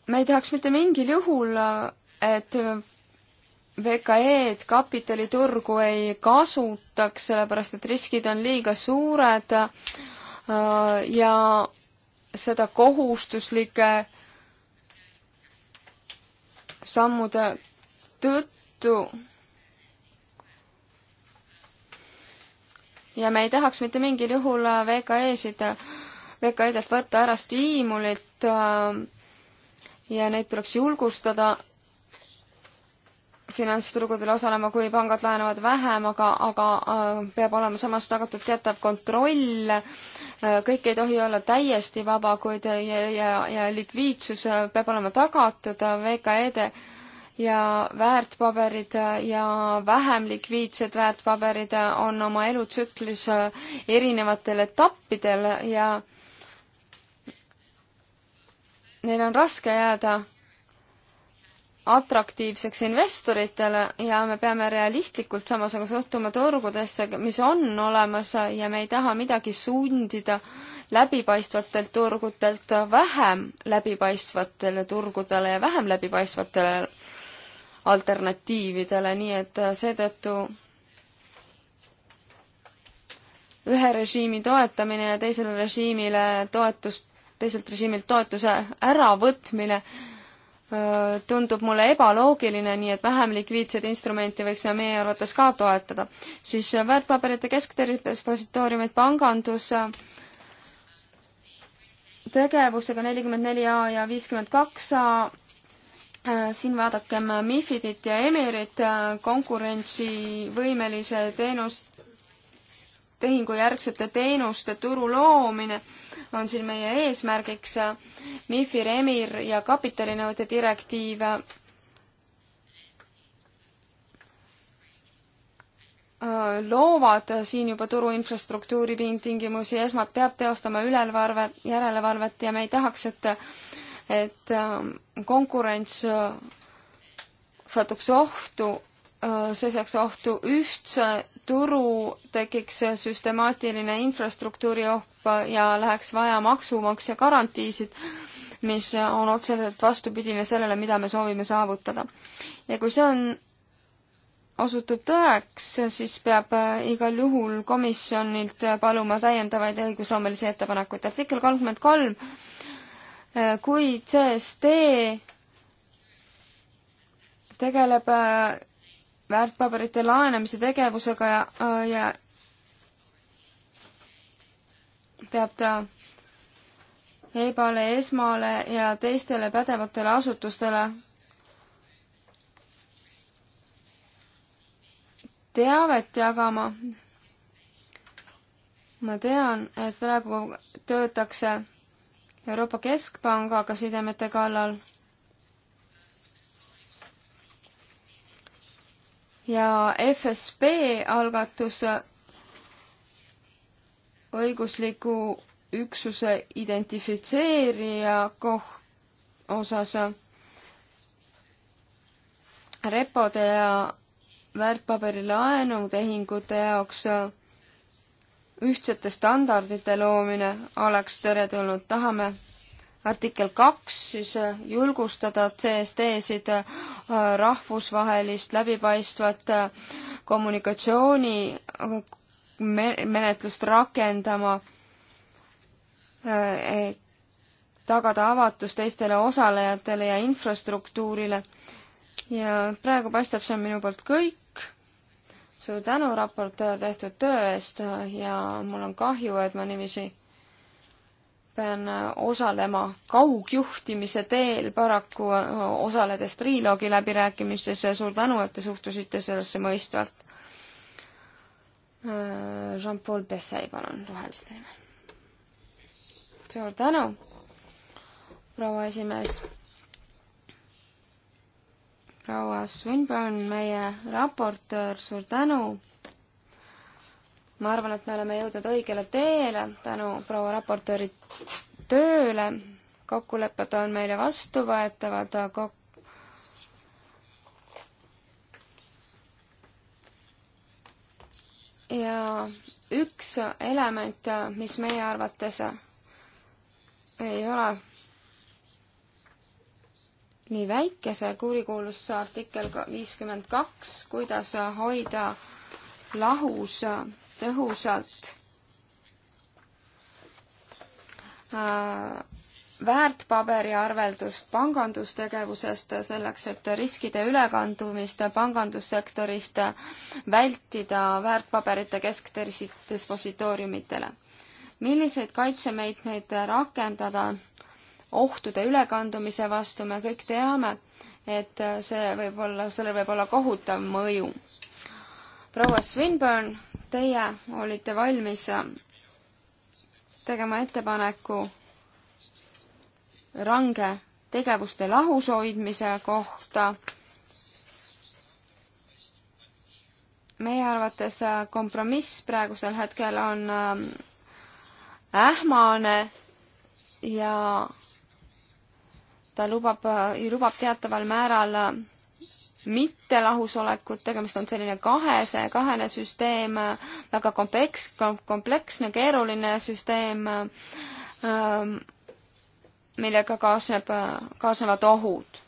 me ei tahaks mitte mingil juhul, et VKE-d kapitaliturgu ei kasutaks, sellepärast et riskid on liiga suured äh, ja seda kohustuslike sammude tõttu ja me ei tahaks mitte mingil juhul VKE-sid, VKE-delt võtta ära stiimulit äh, ja neid tuleks julgustada finantsturgudel osalema, kui pangad laenavad vähem, aga, aga äh, peab olema samas tagatud teatav kontroll. Äh, kõik ei tohi olla täiesti vaba, kuid ja, ja, ja likviidsus äh, peab olema tagatud VKE-de ja väärtpaberid ja vähem likviidsed väärtpaberid on oma elutsüklis erinevatel etappidel ja neil on raske jääda atraktiivseks investoritele ja me peame realistlikult samas aga suhtuma turgudesse, mis on olemas ja me ei taha midagi sundida läbipaistvatelt turgudelt vähem läbipaistvatele turgudele ja vähem läbipaistvatele alternatiividele, nii et seetõttu ühe režiimi toetamine ja teisele režiimile toetust, teiselt režiimilt toetuse äravõtmine äh, tundub mulle ebaloogiline, nii et vähem likviidseid instrumente võiksime meie arvates ka toetada. siis äh, väärtpaberite keskdepositooriumid, pangandus, äh, tegevusega nelikümmend neli A ja viiskümmend kaks A, äh, siin vaadakem MIFIDit ja EMIRit, konkurentsivõimelise teenust, tehingujärgsete teenuste turu loomine on siin meie eesmärgiks. MIFIR, EMIR ja kapitalinõude direktiiv äh, loovad siin juba turu infrastruktuuri tingimusi, esmalt peab teostama ülevalve, järelevalvet ja me ei tahaks, et, et äh, konkurents äh, satuks ohtu, see seaks ohtu ühtse turu tekiks süstemaatiline infrastruktuuri ohv ja läheks vaja maksumaksja garantiisid, mis on otseselt vastupidine sellele, mida me soovime saavutada. ja kui see on, osutub tõeks, siis peab igal juhul komisjonilt paluma täiendavaid õigusloomelisi ettepanekuid. artikkel kolmkümmend kolm, kui CSD tegeleb väärtpaberite laenamise tegevusega ja, ja peab ta EBA-le, ESMA-le ja teistele pädevatele asutustele teavet jagama. ma tean, et praegu töötakse Euroopa Keskpangaga sidemete kallal ja FSB algatus õigusliku üksuse identifitseerija koh-, osas repode ja väärtpaberilaenutehingute jaoks ühtsete standardite loomine oleks teretulnud, tahame artikkel kaks siis äh, julgustada CSD-sid äh, rahvusvahelist läbipaistvat äh, kommunikatsiooni menetlust rakendama, eh, tagada avatus teistele osalejatele ja infrastruktuurile. ja praegu paistab, see on minu poolt kõik. suur tänu, raportöör, tehtud töö eest ja mul on kahju, et ma niiviisi pean äh, osalema kaugjuhtimise teel paraku, äh, osaledes triloogi läbirääkimistes ja suur tänu, et te suhtusite sellesse mõistvalt. Äh, Jean-Paul Bessay, palun, roheliste nimel. suur tänu, proua esimees. proua Swinburne, meie raportöör, suur tänu ma arvan, et me oleme jõudnud õigele teele tänu proua raportööri tööle, kokkulepped on meile vastuvõetavad, kok-, ja üks element, mis meie arvates ei ole nii väike, see kuurikuulus artikkel viiskümmend kaks, kuidas hoida lahus tõhusalt äh, väärtpaberiarveldust pangandustegevusest, selleks et riskide ülekandumist pangandussektorist vältida väärtpaberite keskdespositooriumitele. milliseid kaitsemeetmeid rakendada ohtude ülekandumise vastu, me kõik teame, et see võib olla, sellel võib olla kohutav mõju proua Swinburne, teie olite valmis äh, tegema ettepaneku range tegevuste lahus hoidmise kohta. meie arvates äh, kompromiss praegusel hetkel on äh, ähmane ja ta lubab, lubab teataval määral mittelahusolekut, tegemist on selline kahese, kahene süsteem, väga kompleks, kompleksne, keeruline süsteem, ähm, millega kaasneb, kaasnevad ohud.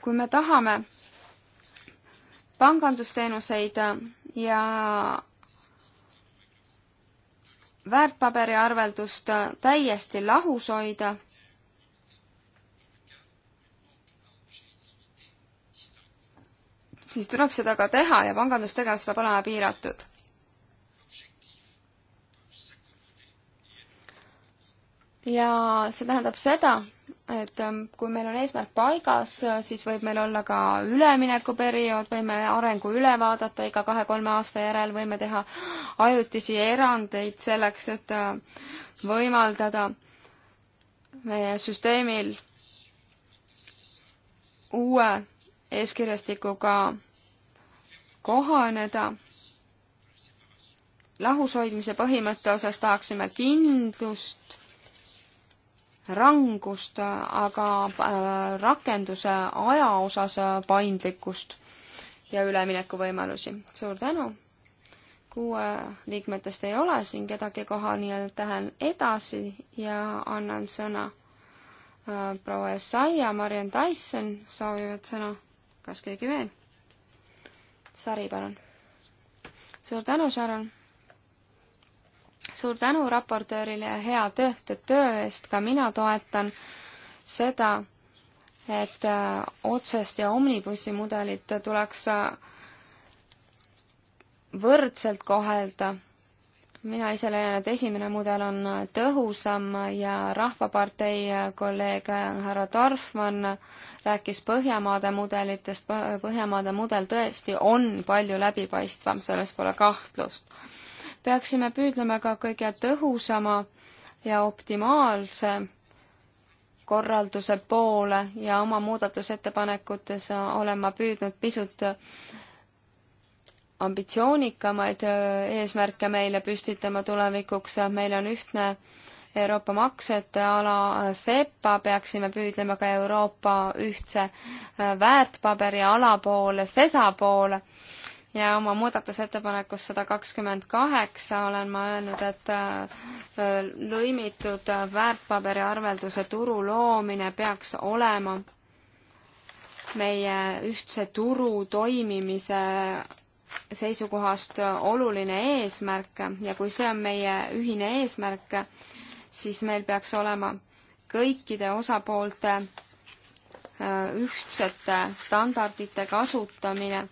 kui me tahame pangandusteenuseid ja väärtpaberiarveldust täiesti lahus hoida siis tuleb seda ka teha ja pangandustegevus peab olema piiratud. ja see tähendab seda, et ähm, kui meil on eesmärk paigas, siis võib meil olla ka üleminekuperiood, võime arengu üle vaadata iga kahe-kolme aasta järel, võime teha ajutisi erandeid selleks, et äh, võimaldada meie süsteemil uue eeskirjastikuga kohaneda. lahushoidmise põhimõtte osas tahaksime kindlust, rangust, aga äh, rakenduse aja osas äh, paindlikkust ja üleminekuvõimalusi. suur tänu! kuue liikmetest ei ole siin kedagi kohal, nii et lähen edasi ja annan sõna äh, proua Essaia, Mariann Tyson soovivad sõna kas keegi veel? sari, palun. suur tänu, Sharon. suur tänu raportöörile hea tehtud töö eest, ka mina toetan seda, et äh, otsest ja omnibussi mudelit tuleks äh, võrdselt kohelda mina ise leian, et esimene mudel on tõhusam ja Rahvapartei kolleeg härra Dorfmann rääkis Põhjamaade mudelitest, Põhjamaade mudel tõesti on palju läbipaistvam, selles pole kahtlust. peaksime püüdlema ka kõige tõhusama ja optimaalse korralduse poole ja oma muudatusettepanekutes olen ma püüdnud pisut ambitsioonikamaid äh, eesmärke meile püstitama tulevikuks, meil on ühtne Euroopa maksete ala äh, SEPA, peaksime püüdlema ka Euroopa ühtse äh, väärtpaberiala poole, SESA poole ja oma muudatusettepanekus sada kakskümmend kaheksa olen ma öelnud, et lõimitud väärtpaberiarvelduse turu loomine peaks olema meie ühtse turu toimimise seisukohast oluline eesmärk ja kui see on meie ühine eesmärk, siis meil peaks olema kõikide osapoolte äh, ühtsete standardite kasutamine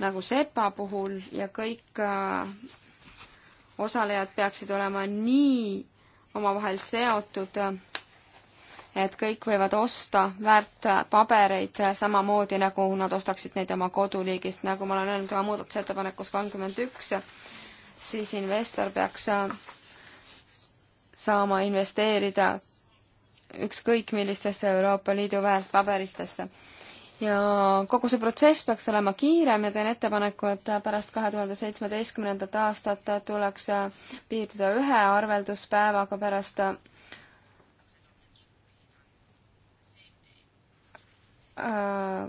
nagu SEPA puhul ja kõik äh, osalejad peaksid olema nii omavahel seotud et kõik võivad osta väärtpabereid samamoodi, nagu nad ostaksid neid oma koduliigist, nagu ma olen öelnud oma muudatusettepanekus kolmkümmend üks, siis investor peaks saama investeerida ükskõik millistesse Euroopa Liidu väärtpaberistesse ja kogu see protsess peaks olema kiirem ja teen ettepaneku, et pärast kahe tuhande seitsmeteistkümnendat aastat tuleks piirduda ühe arvelduspäevaga pärast Äh,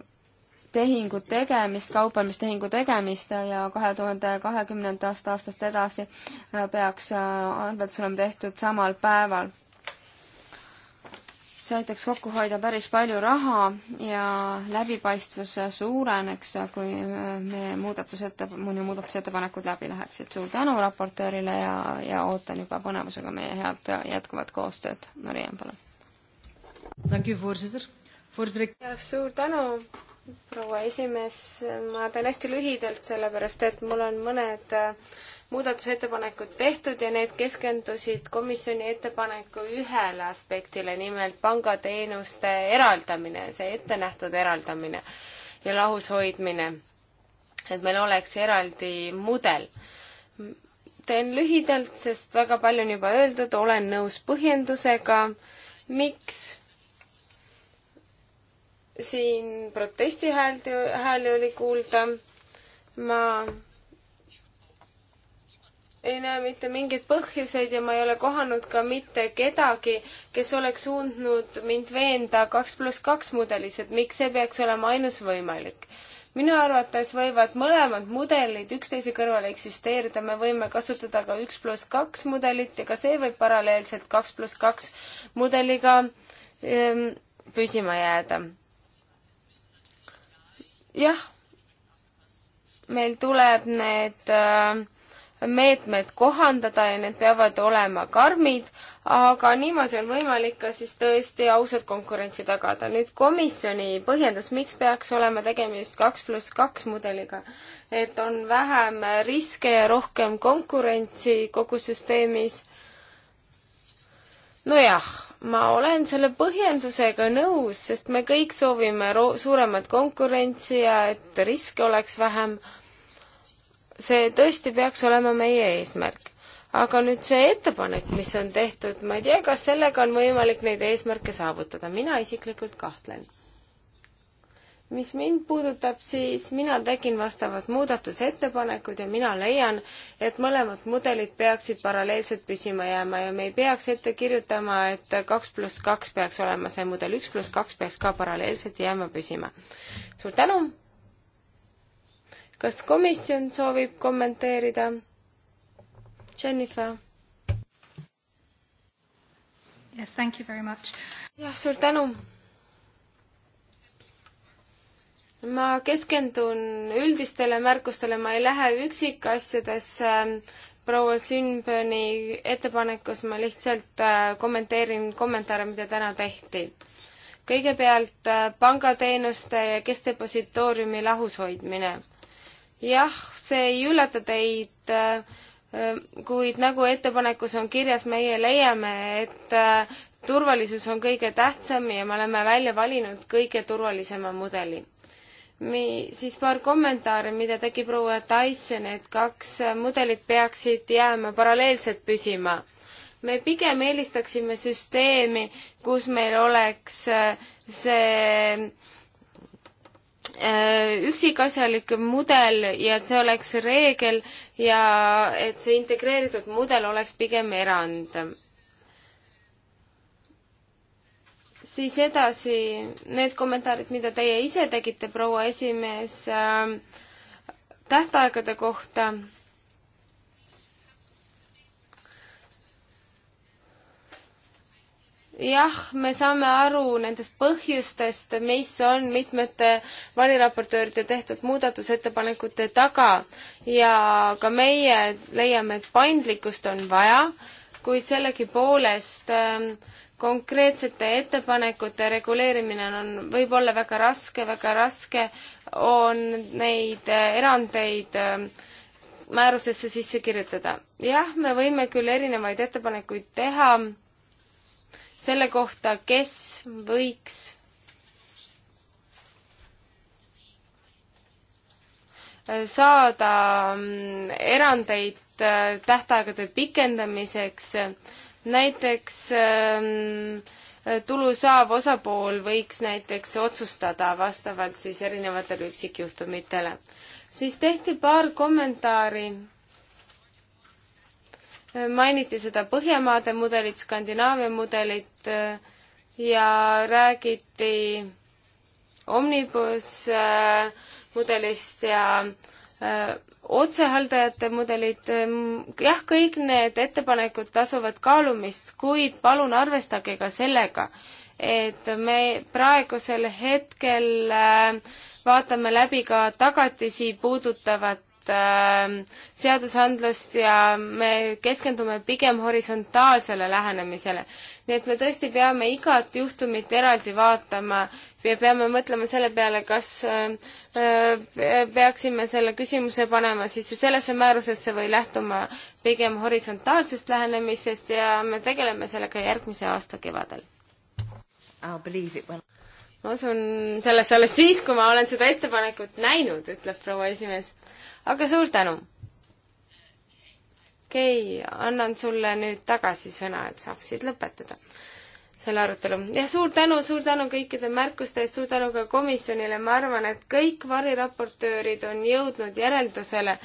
tehingu tegemist, kaupamistehingu tegemist ja kahe tuhande kahekümnendast aastast edasi äh, peaks äh, andmetus olema tehtud samal päeval. see aitaks kokku hoida päris palju raha ja läbipaistvus suureneks, kui meie muudatusette-, minu muudatusettepanekud läbi läheksid. suur tänu raportöörile ja, ja ootan juba põnevusega meie head jätkuvat koostööd. Mariann, palun suur tänu, proua esimees, ma teen hästi lühidalt, sellepärast et mul on mõned äh, muudatusettepanekud tehtud ja need keskendusid komisjoni ettepaneku ühele aspektile, nimelt pangateenuste eraldamine, see ettenähtud eraldamine ja lahushoidmine. et meil oleks eraldi mudel. teen lühidalt, sest väga palju on juba öeldud, olen nõus põhjendusega, miks siin protesti häält, hääli oli kuulda. ma ei näe mitte mingeid põhjuseid ja ma ei ole kohanud ka mitte kedagi, kes oleks suutnud mind veenda kaks pluss kaks mudelis, et miks see peaks olema ainus võimalik. minu arvates võivad mõlemad mudelid üksteise kõrval eksisteerida, me võime kasutada ka üks pluss kaks mudelit ja ka see võib paralleelselt kaks pluss kaks mudeliga ähm, püsima jääda jah, meil tuleb need äh, meetmed kohandada ja need peavad olema karmid, aga niimoodi on võimalik ka siis tõesti ausat konkurentsi tagada. nüüd komisjoni põhjendus, miks peaks olema tegemist kaks pluss kaks mudeliga, et on vähem riske ja rohkem konkurentsi kogu süsteemis nojah, ma olen selle põhjendusega nõus, sest me kõik soovime suuremat konkurentsi ja et riske oleks vähem. see tõesti peaks olema meie eesmärk. aga nüüd see ettepanek, mis on tehtud, ma ei tea, kas sellega on võimalik neid eesmärke saavutada, mina isiklikult kahtlen mis mind puudutab, siis mina tegin vastavad muudatusettepanekud ja mina leian, et mõlemad mudelid peaksid paralleelselt püsima jääma ja me ei peaks ette kirjutama, et kaks pluss kaks peaks olema see mudel, üks pluss kaks peaks ka paralleelselt jääma püsima. suur tänu! kas komisjon soovib kommenteerida? Jennifer? Yes, thank you very much. jah, suur tänu! ma keskendun üldistele märkustele, ma ei lähe üksikasjadesse. proua Sünböni ettepanekus ma lihtsalt äh, kommenteerin kommentaare, mida täna tehti. kõigepealt äh, pangateenuste ja keskdepositooriumi lahushoidmine. jah, see ei üllata teid äh, kuid nagu ettepanekus on kirjas, meie leiame, et turvalisus on kõige tähtsam ja me oleme välja valinud kõige turvalisema mudeli mi-, siis paar kommentaari, mida tegi proua Tyson, et kaks mudelit peaksid jääma paralleelselt püsima. me pigem eelistaksime süsteemi, kus meil oleks äh, see äh, üksikasjalik mudel ja et see oleks reegel ja et see integreeritud mudel oleks pigem erand siis edasi need kommentaarid, mida teie ise tegite, proua esimees äh,, tähtaegade kohta. jah, me saame aru nendest põhjustest, mis on mitmete variraportööride tehtud muudatusettepanekute taga ja ka meie leiame, et paindlikkust on vaja, kuid sellegipoolest äh, konkreetsete ettepanekute reguleerimine on, võib olla väga raske, väga raske on neid erandeid ähm, määrusesse sisse kirjutada. jah, me võime küll erinevaid ettepanekuid teha selle kohta, kes võiks saada ähm, erandeid äh, tähtaegade pikendamiseks näiteks ähm, tulu saav osapool võiks näiteks otsustada vastavalt siis erinevatele üksikjuhtumitele. siis tehti paar kommentaari. mainiti seda Põhjamaade mudelit, Skandinaavia mudelit äh, ja räägiti omnibus äh, mudelist ja äh, Äh, otsehaldajate mudelid, ähm, jah, kõik need ettepanekud tasuvad kaalumist, kuid palun arvestage ka sellega, et me praegusel hetkel äh, vaatame läbi ka tagatisi puudutavat äh, seadusandlust ja me keskendume pigem horisontaalsele lähenemisele. nii et me tõesti peame igat juhtumit eraldi vaatama me peame mõtlema selle peale, kas äh, äh, peaksime selle küsimuse panema siis sellesse määrusesse või lähtuma pigem horisontaalsest lähenemisest ja me tegeleme sellega järgmise aasta kevadel. ma usun sellesse alles siis, kui ma olen seda ettepanekut näinud, ütleb proua esimees. aga suur tänu! okei okay,, annan sulle nüüd tagasi sõna, et saaksid lõpetada selle arutelu. jah, suur tänu, suur tänu kõikide märkuste eest, suur tänu ka komisjonile, ma arvan, et kõik variraportöörid on jõudnud järeldusele,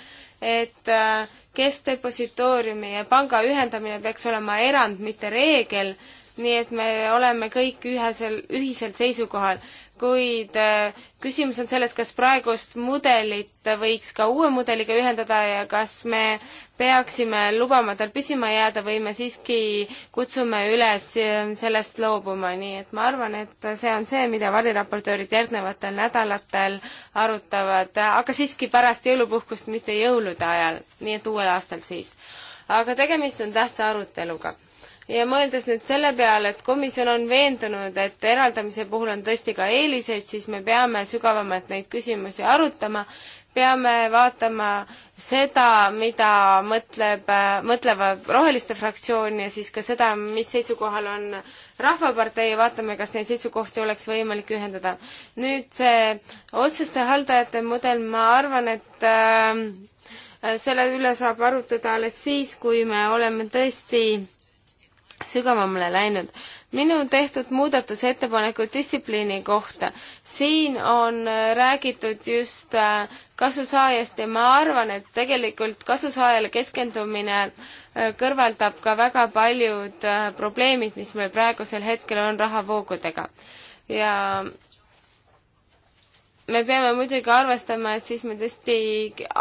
et äh, keskdepositooriumi ja panga ühendamine peaks olema erand, mitte reegel, nii et me oleme kõik ühesel, ühisel seisukohal, kuid äh, küsimus on selles, kas praegust mudelit võiks ka uue mudeliga ühendada ja kas me peaksime lubama tal püsima jääda või me siiski kutsume üles äh, sellest loobuma, nii et ma arvan, et see on see, mida variraportöörid järgnevatel nädalatel arutavad, aga siiski pärast jõulupuhkust, mitte jõulude ajal, nii et uuel aastal siis. aga tegemist on tähtsa aruteluga ja mõeldes nüüd selle peale, et komisjon on veendunud, et eraldamise puhul on tõesti ka eeliseid, siis me peame sügavamalt neid küsimusi arutama, peame vaatama seda, mida mõtleb, mõtlevad Roheliste fraktsioon ja siis ka seda, mis seisukohal on Rahvapartei ja vaatame, kas neid seisukohti oleks võimalik ühendada. nüüd see otseste haldajate mudel, ma arvan, et äh, selle üle saab arutada alles siis, kui me oleme tõesti sügavamale läinud. minu tehtud muudatusettepanekud distsipliini kohta, siin on äh, räägitud just äh, kasusaajast ja ma arvan, et tegelikult kasusaajale keskendumine äh, kõrvaldab ka väga paljud probleemid, mis meil praegusel hetkel on rahavoogudega. ja me peame muidugi arvestama, et siis me tõesti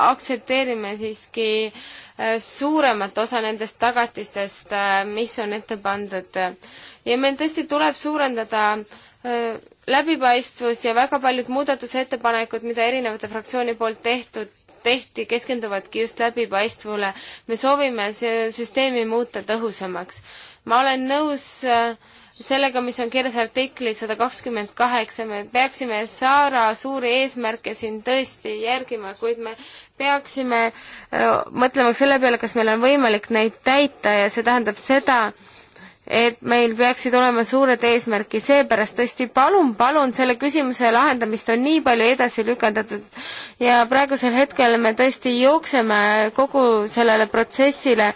aktsepteerime siiski äh, suuremat osa nendest tagatistest, äh, mis on ette pandud. ja meil tõesti tuleb suurendada äh, läbipaistvus ja väga paljud muudatusettepanekud, mida erinevate fraktsiooni poolt tehtud, tehti, keskenduvadki just läbipaistvule. me soovime see süsteemi muuta tõhusamaks. ma olen nõus äh, sellega, mis on kirjas artiklis sada kakskümmend kaheksa, me peaksime Saara suuri eesmärke siin tõesti järgima, kuid me peaksime äh, mõtlema selle peale, kas meil on võimalik neid täita ja see tähendab seda, et meil peaksid olema suured eesmärki, seepärast tõesti palun, palun, selle küsimuse lahendamist on nii palju edasi lükendatud ja praegusel hetkel me tõesti jookseme kogu sellele protsessile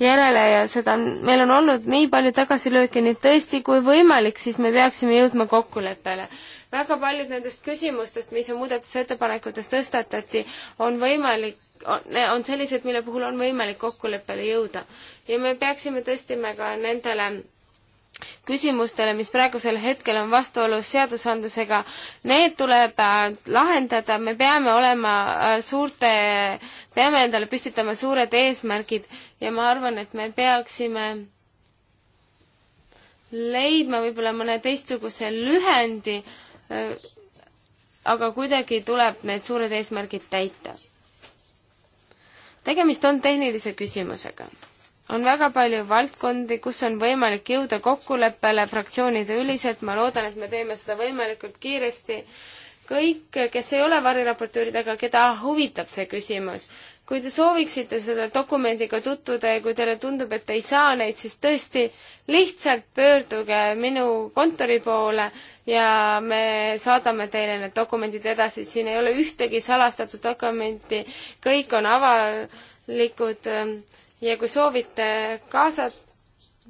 järele ja seda on, meil on olnud nii palju tagasilööke, nii et tõesti, kui võimalik, siis me peaksime jõudma kokkuleppele. väga paljud nendest küsimustest, mis muudatusettepanekutes tõstatati, on võimalik on sellised, mille puhul on võimalik kokkuleppele jõuda. ja me peaksime tõstima ka nendele küsimustele, mis praegusel hetkel on vastuolus seadusandlusega, need tuleb äh, lahendada, me peame olema äh, suurte, peame endale püstitama suured eesmärgid ja ma arvan, et me peaksime leidma võib-olla mõne teistsuguse lühendi, äh, aga kuidagi tuleb need suured eesmärgid täita tegemist on tehnilise küsimusega. on väga palju valdkondi, kus on võimalik jõuda kokkuleppele fraktsioonide üliselt, ma loodan, et me teeme seda võimalikult kiiresti. kõik, kes ei ole variraportöörid, aga keda huvitab see küsimus, kui te sooviksite selle dokumendiga tutvuda ja kui teile tundub, et ei saa neid, siis tõesti lihtsalt pöörduge minu kontori poole ja me saadame teile need dokumendid edasi, siin ei ole ühtegi salastatud dokumenti, kõik on avalikud ja kui soovite kaasat-,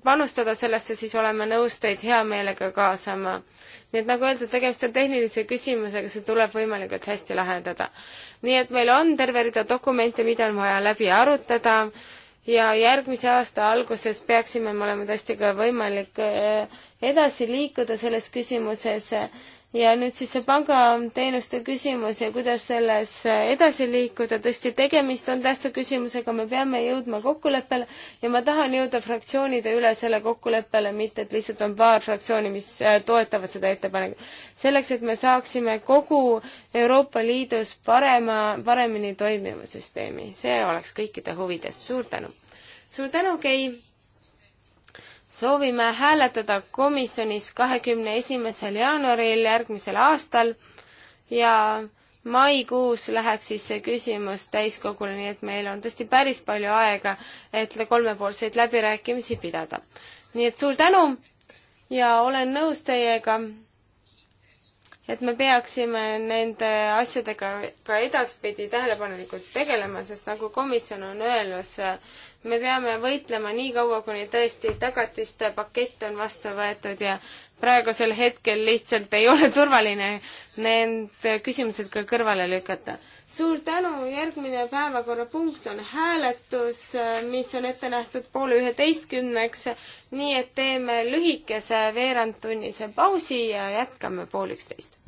panustada sellesse, siis oleme nõus teid hea meelega kaasama. nii et nagu öeldud, tegemist on tehnilise küsimusega, see tuleb võimalikult hästi lahendada. nii et meil on terve rida dokumente, mida on vaja läbi arutada ja järgmise aasta alguses peaksime me olema tõesti ka võimalik eh, edasi liikuda selles küsimuses ja nüüd siis see pangateenuste küsimus ja kuidas selles edasi liikuda, tõesti tegemist on tähtsa küsimusega, me peame jõudma kokkuleppele ja ma tahan jõuda fraktsioonide üle selle kokkuleppele, mitte et lihtsalt on paar fraktsiooni, mis äh, toetavad seda ettepanekut. selleks, et me saaksime kogu Euroopa Liidus parema, paremini toimiva süsteemi, see oleks kõikide huvides, suur tänu! suur tänu, Kei! soovime hääletada komisjonis kahekümne esimesel jaanuaril järgmisel aastal ja maikuus läheks siis see küsimus täiskogule, nii et meil on tõesti päris palju aega, et kolmepoolseid läbirääkimisi pidada. nii et suur tänu ja olen nõus teiega, et me peaksime nende asjadega ka edaspidi tähelepanelikult tegelema, sest nagu komisjon on öelnud, me peame võitlema nii kaua, kuni tõesti tagatiste pakett on vastu võetud ja praegusel hetkel lihtsalt ei ole turvaline need küsimused ka kõrvale lükata. suur tänu, järgmine päevakorrapunkt on hääletus, mis on ette nähtud poole üheteistkümneks, nii et teeme lühikese veerandtunnise pausi ja jätkame pool üksteist.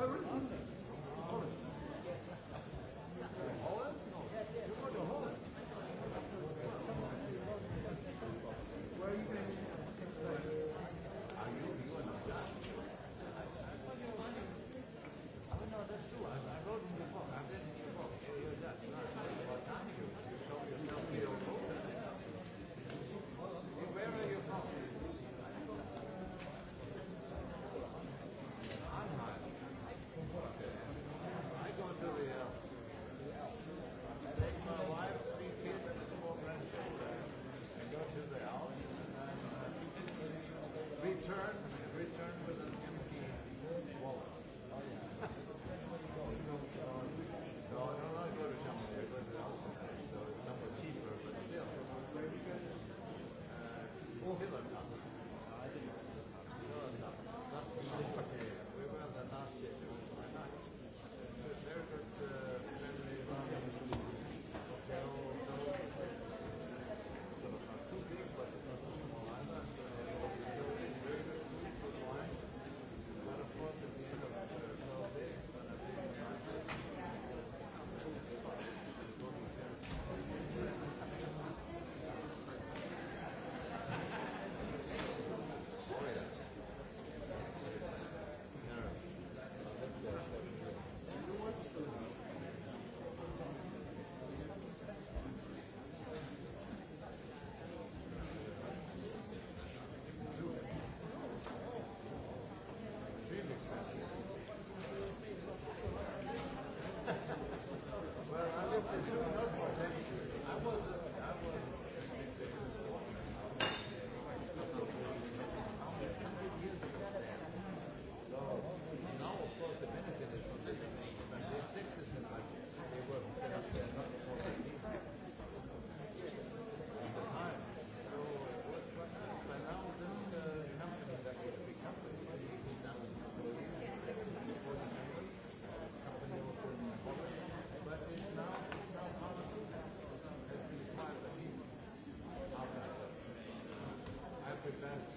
Oh, really?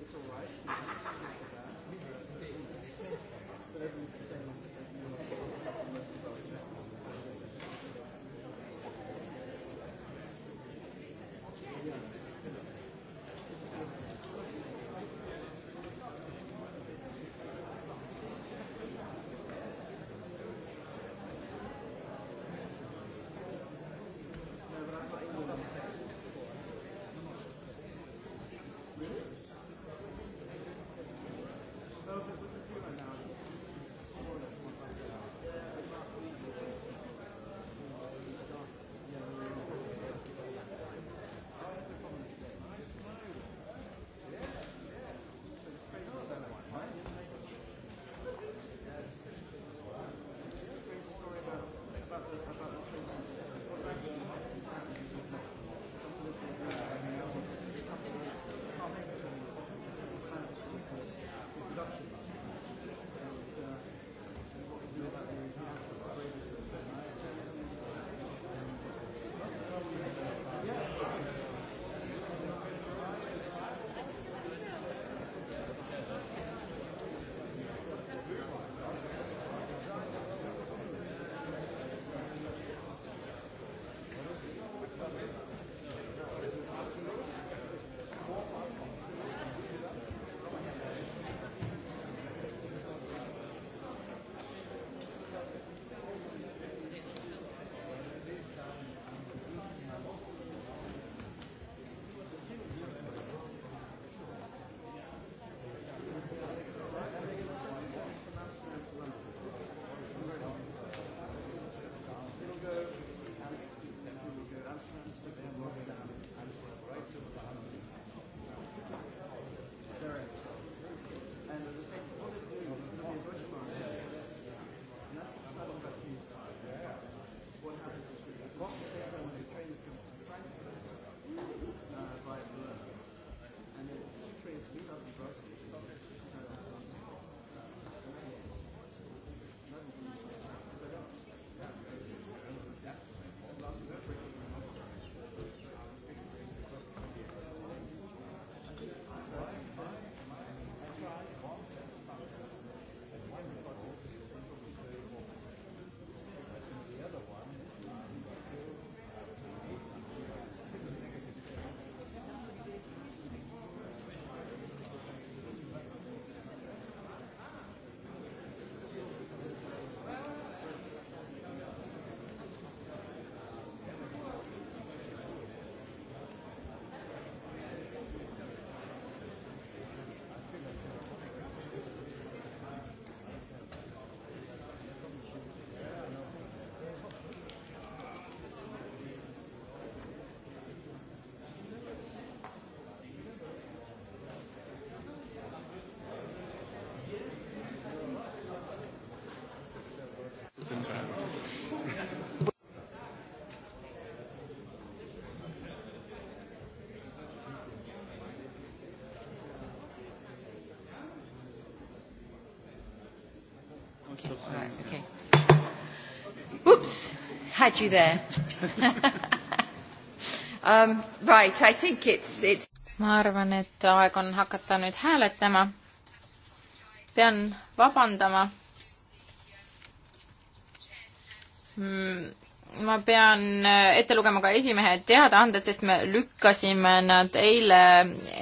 It's all right. Right, okay. Whoops, had you there. um, right, I think it's, it's... ma arvan, et aeg on hakata nüüd hääletama. pean vabandama pean äh, ette lugema ka esimehe teadaanded, sest me lükkasime nad eile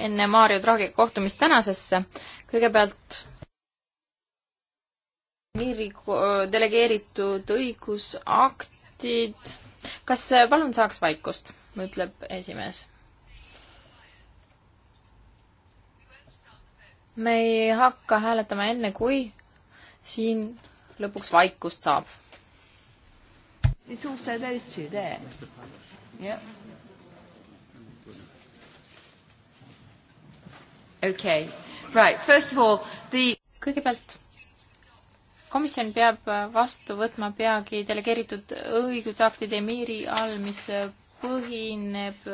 enne Mario Draghi kohtumist tänasesse. kõigepealt Miri delegeeritud õigusaktid. kas äh, palun saaks vaikust, ütleb esimees. me ei hakka hääletama enne, kui siin lõpuks vaikust saab It's also those two there. Yeah. Okay. Right. First of all, the kõigepealt komisjon peab vastu võtma peagi delegeeritud õigusaktide miiri all, mis põhineb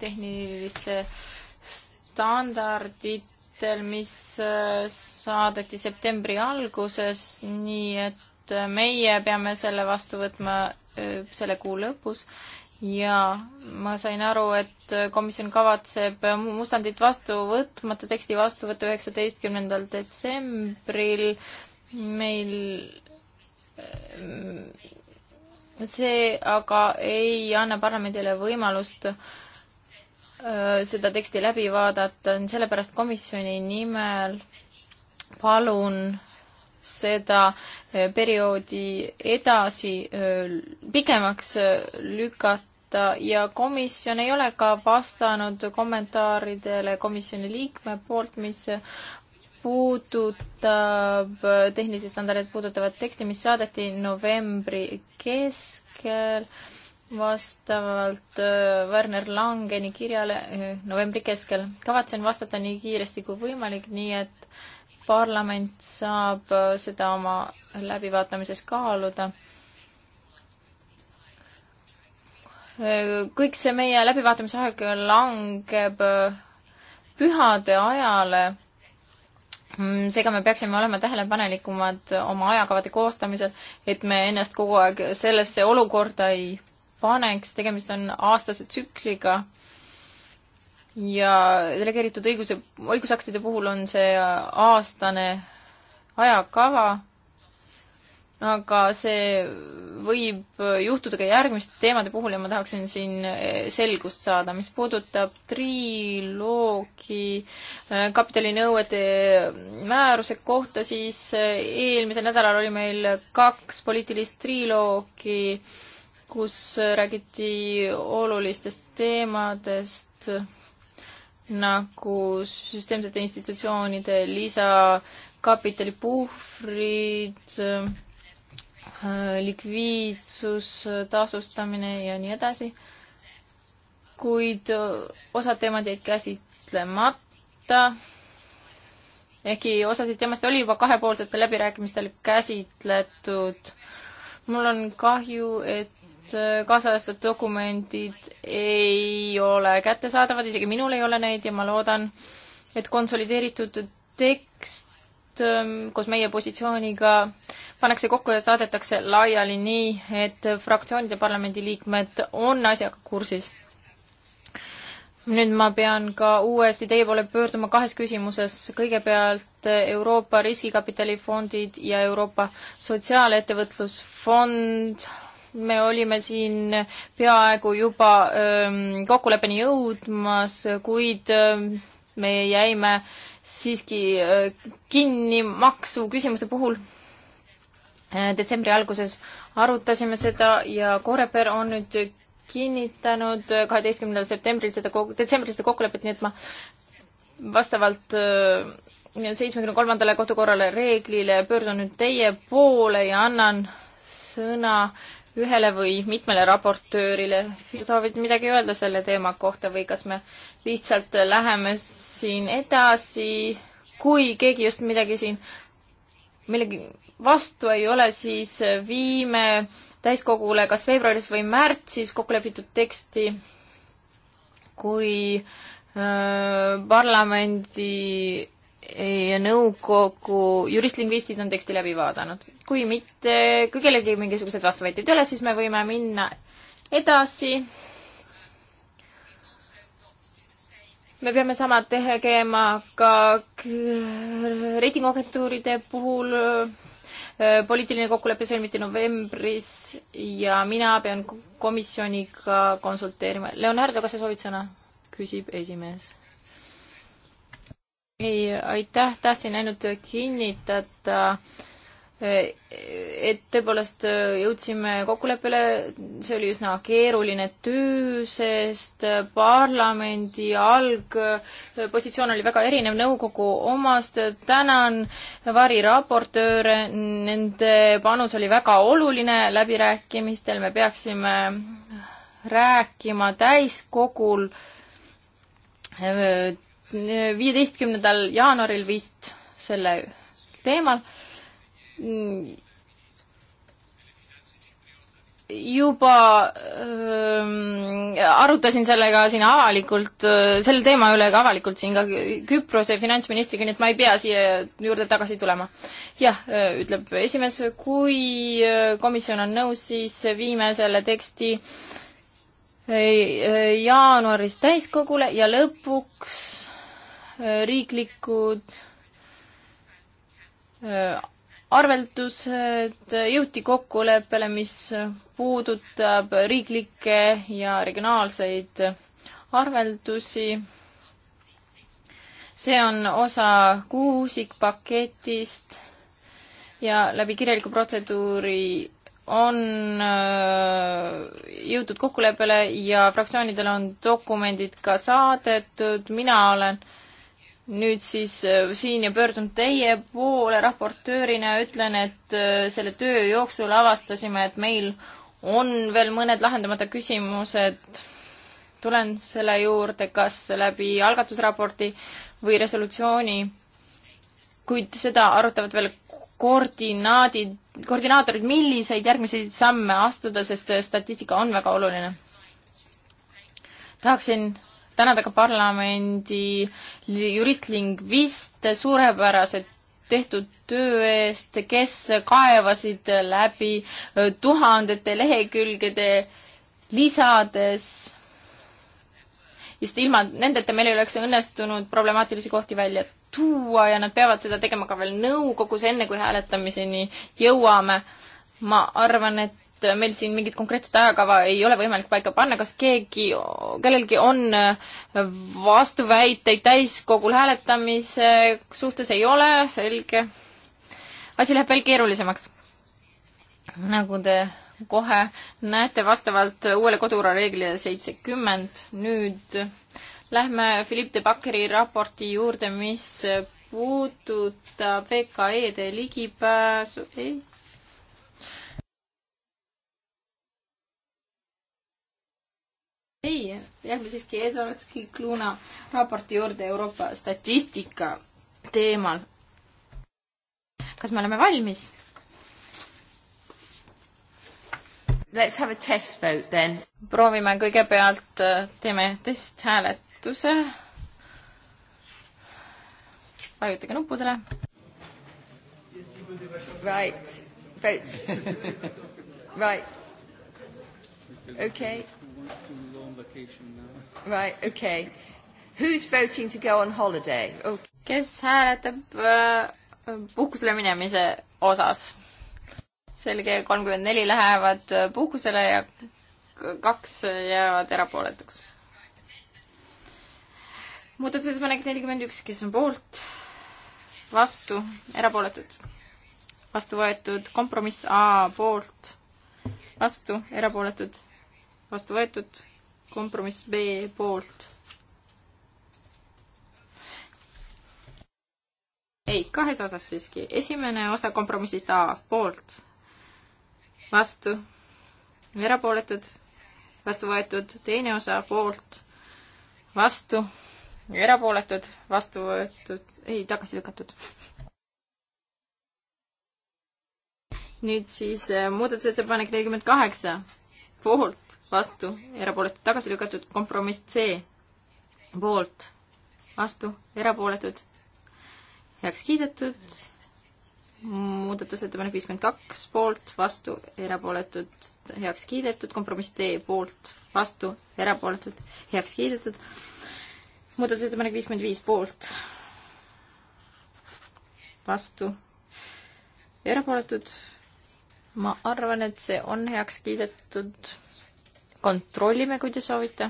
tehniliste standarditel, mis saadeti septembri alguses, nii et et äh, meie peame selle vastu võtma äh, selle kuu lõpus jaa, ma sain aru, et äh, komisjon kavatseb mustandit vastu võtmata, teksti vastu võtta üheksateistkümnendal detsembril. meil see aga ei anna parlamendile võimalust seda teksti läbi vaadata, sellepärast komisjoni nimel palun seda eh, perioodi edasi eh, pikemaks eh, lükata ja komisjon ei ole ka vastanud kommentaaridele komisjoni liikme poolt, mis puudutab, tehnilisi standardeid puudutavat teksti, mis saadeti novembri keskel vastavalt Werner Langeni kirjale novembri keskel. kavatsen vastata nii kiiresti kui võimalik, nii et parlament saab äh, seda oma läbivaatamises kaaluda. kõik see meie läbivaatamise aeg langeb äh, pühade ajale. Mm, seega me peaksime olema tähelepanelikumad oma ajakavade koostamisel, et me ennast kogu aeg sellesse olukorda ei paneks, tegemist on aastase tsükliga ja delegeeritud õiguse, õigusaktide puhul on see aastane ajakava, aga see võib juhtuda ka järgmiste teemade puhul ja ma tahaksin siin eh, selgust saada, mis puudutab triloogi eh, kapitalinõuete eh, määruse kohta, siis eelmisel nädalal oli meil kaks poliitilist triloogi, kus räägiti olulistest teemadest nagu süsteemsete institutsioonide lisakapitalipuhvrid, äh, likviidsus, tasustamine ja nii edasi. kuid äh, osad teemad jäid käsitlemata. ehkki osasid teemast oli juba kahepoolsetel läbirääkimistel käsitletud. mul on kahju, et Äh, kaasajastatud dokumendid ei ole kättesaadavad, isegi minul ei ole neid ja ma loodan, et konsolideeritud tekst ähm, koos meie positsiooniga pannakse kokku ja saadetakse laiali nii, et fraktsioonide parlamendiliikmed on asjaga kursis. nüüd ma pean ka uuesti teie poole pöörduma kahes küsimuses. kõigepealt äh, Euroopa riskikapitalifondid ja Euroopa Sotsiaalettevõtlusfond me olime siin peaaegu juba ähm, kokkuleppeni jõudmas, kuid ähm, me jäime siiski äh, kinni maksuküsimuste puhul. Äh, detsembri alguses arutasime seda ja Koreper on nüüd kinnitanud kaheteistkümnendal septembril seda, detsembris seda kokkulepet, nii et ma vastavalt äh, seitsmekümne kolmandale kodukorrale reeglile pöördun nüüd teie poole ja annan sõna ühele või mitmele raportöörile soovid midagi öelda selle teema kohta või kas me lihtsalt läheme siin edasi, kui keegi just midagi siin millegi vastu ei ole, siis viime täiskogule kas veebruaris või märtsis kokku lepitud teksti, kui äh, parlamendi ja nõukogu juristlingvistid on teksti läbi vaadanud. kui mitte, kui kellelgi mingisuguseid vastuväiteid ei ole, siis me võime minna edasi. me peame sama tegema ka reitinguagentuuride puhul. poliitiline kokkulepe sõlmiti novembris ja mina pean komisjoniga konsulteerima. Leonardo, kas sa soovid sõna? küsib esimees ei, aitäh, tahtsin ainult kinnitada, et tõepoolest jõudsime kokkuleppele, see oli üsna keeruline töö, sest parlamendi algpositsioon oli väga erinev nõukogu omast. tänan variraportööre, nende panus oli väga oluline läbirääkimistel, me peaksime rääkima täiskogul viieteistkümnendal jaanuaril vist selle teemal. juba ähm, arutasin sellega siin avalikult, äh, selle teema üle ka avalikult siin ka Küprose finantsministriga, nii et ma ei pea siia juurde tagasi tulema. jah, äh, ütleb esimees, kui äh, komisjon on nõus, siis viime selle teksti äh, jaanuaris täiskogule ja lõpuks Äh, riiklikud äh, arveldused, äh, jõuti kokkuleppele, mis puudutab riiklikke ja regionaalseid arveldusi. see on osa kuusikpaketist ja läbi kirjaliku protseduuri on jõutud kokkuleppele ja fraktsioonidele on dokumendid ka saadetud, mina olen äh, nüüd siis äh, siin ja pöördun teie poole raportöörina ja ütlen, et äh, selle töö jooksul avastasime, et meil on veel mõned lahendamata küsimused. tulen selle juurde, kas läbi algatusraporti või resolutsiooni, kuid seda arutavad veel koordinaadid, koordinaatorid, milliseid järgmisi samme astuda, sest äh, statistika on väga oluline. tahaksin tänada ka parlamendi juristlingviste suurepärase tehtud töö eest, kes kaevasid läbi tuhandete lehekülgede lisades. just ilma nendeta meil ei oleks õnnestunud problemaatilisi kohti välja tuua ja nad peavad seda tegema ka veel nõukogus, enne kui hääletamiseni jõuame. ma arvan, et et meil siin mingit konkreetset ajakava ei ole võimalik paika panna, kas keegi, kellelgi on äh, vastuväiteid täiskogul hääletamise suhtes, ei ole, selge. asi läheb veel keerulisemaks. nagu te kohe näete, vastavalt uuele kodukorra reeglile seitsekümmend, nüüd lähme Philippe de Bakkeri raporti juurde, mis puudutab VKE-de ligipääsu, ei ei, jääme siiski Edward Kikluna raporti juurde Euroopa statistika teemal. kas me oleme valmis? Let's have a test vote then. proovime kõigepealt, äh, teeme testhääletuse. vajutage nuppudele. Right, votes. Right. okei okay vacation now. Right, okay. Who's voting to go on holiday okay.? Oh. kes hääletab äh, puhkusele minemise osas? selge, kolmkümmend neli lähevad äh, puhkusele ja kaks jäävad erapooletuks. muudatusettepanek nelikümmend üks, kes on poolt, vastu, erapooletud, vastu võetud, kompromiss A poolt, vastu, erapooletud, vastu võetud kompromiss B poolt. ei, kahes osas siiski. esimene osa kompromissist A poolt, vastu, erapooletud, vastu võetud, teine osa poolt, vastu, erapooletud, vastu võetud, ei, tagasi lükatud. nüüd siis eh, muudatusettepanek nelikümmend kaheksa poolt, vastu, erapooletud, tagasi lükatud, kompromiss C poolt, vastu, erapooletud, heaks kiidetud, muudatusettepanek viiskümmend kaks poolt, vastu, erapooletud, heaks kiidetud, kompromiss D poolt, vastu, erapooletud, heaks kiidetud, muudatusettepanek viiskümmend viis poolt, vastu, erapooletud ma arvan, et see on heaks kiidetud. kontrollime, kui te soovite.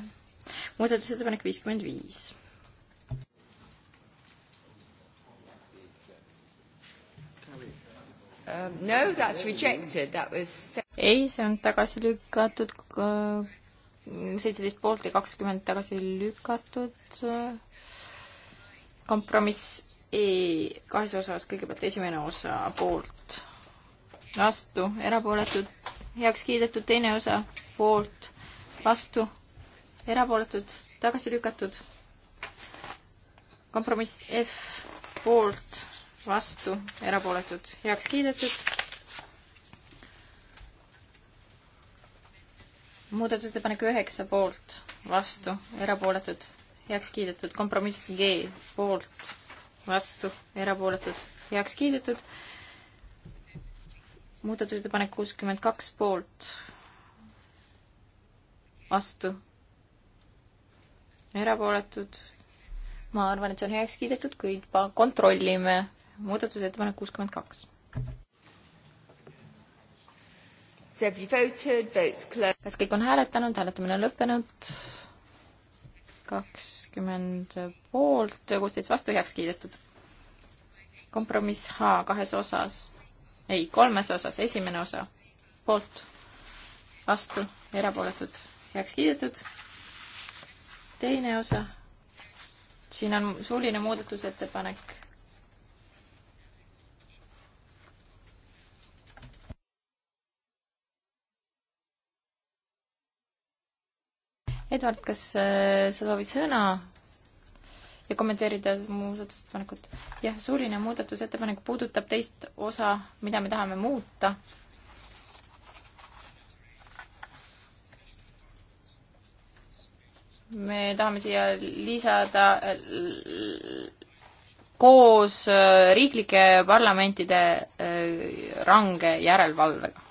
muudatusettepanek viiskümmend viis. Um, no, that's rejected. That was... ei, see on tagasi lükatud, seitseteist poolt ja kakskümmend tagasi lükatud. kompromiss E kahes osas, kõigepealt esimene osa poolt vastu, erapooletud, heaks kiidetud, teine osa poolt, vastu, erapooletud, tagasi lükatud. kompromiss F poolt, vastu, erapooletud, heaks kiidetud. muudatusettepanek üheksa poolt, vastu, erapooletud, heaks kiidetud. kompromiss G poolt, vastu, erapooletud, heaks kiidetud muudatusettepanek kuuskümmend kaks poolt, vastu, erapooletud. ma arvan, et see on heaks kiidetud, kuid kontrollime muudatusettepanek kuuskümmend kaks. kas kõik on hääletanud, hääletamine on lõppenud? kakskümmend poolt, kuusteist vastu, heaks kiidetud. kompromiss H kahes osas ei, kolmes osas, esimene osa poolt, vastu, erapooletud, heaks kiidetud. teine osa, siin on suuline muudatusettepanek. Edward, kas äh, sa soovid sõna ja kommenteerida muudatusettepanekut. jah, suuline muudatusettepanek puudutab teist osa, mida me tahame muuta. me tahame siia lisada koos äh, riiklike parlamentide äh, range järelevalvega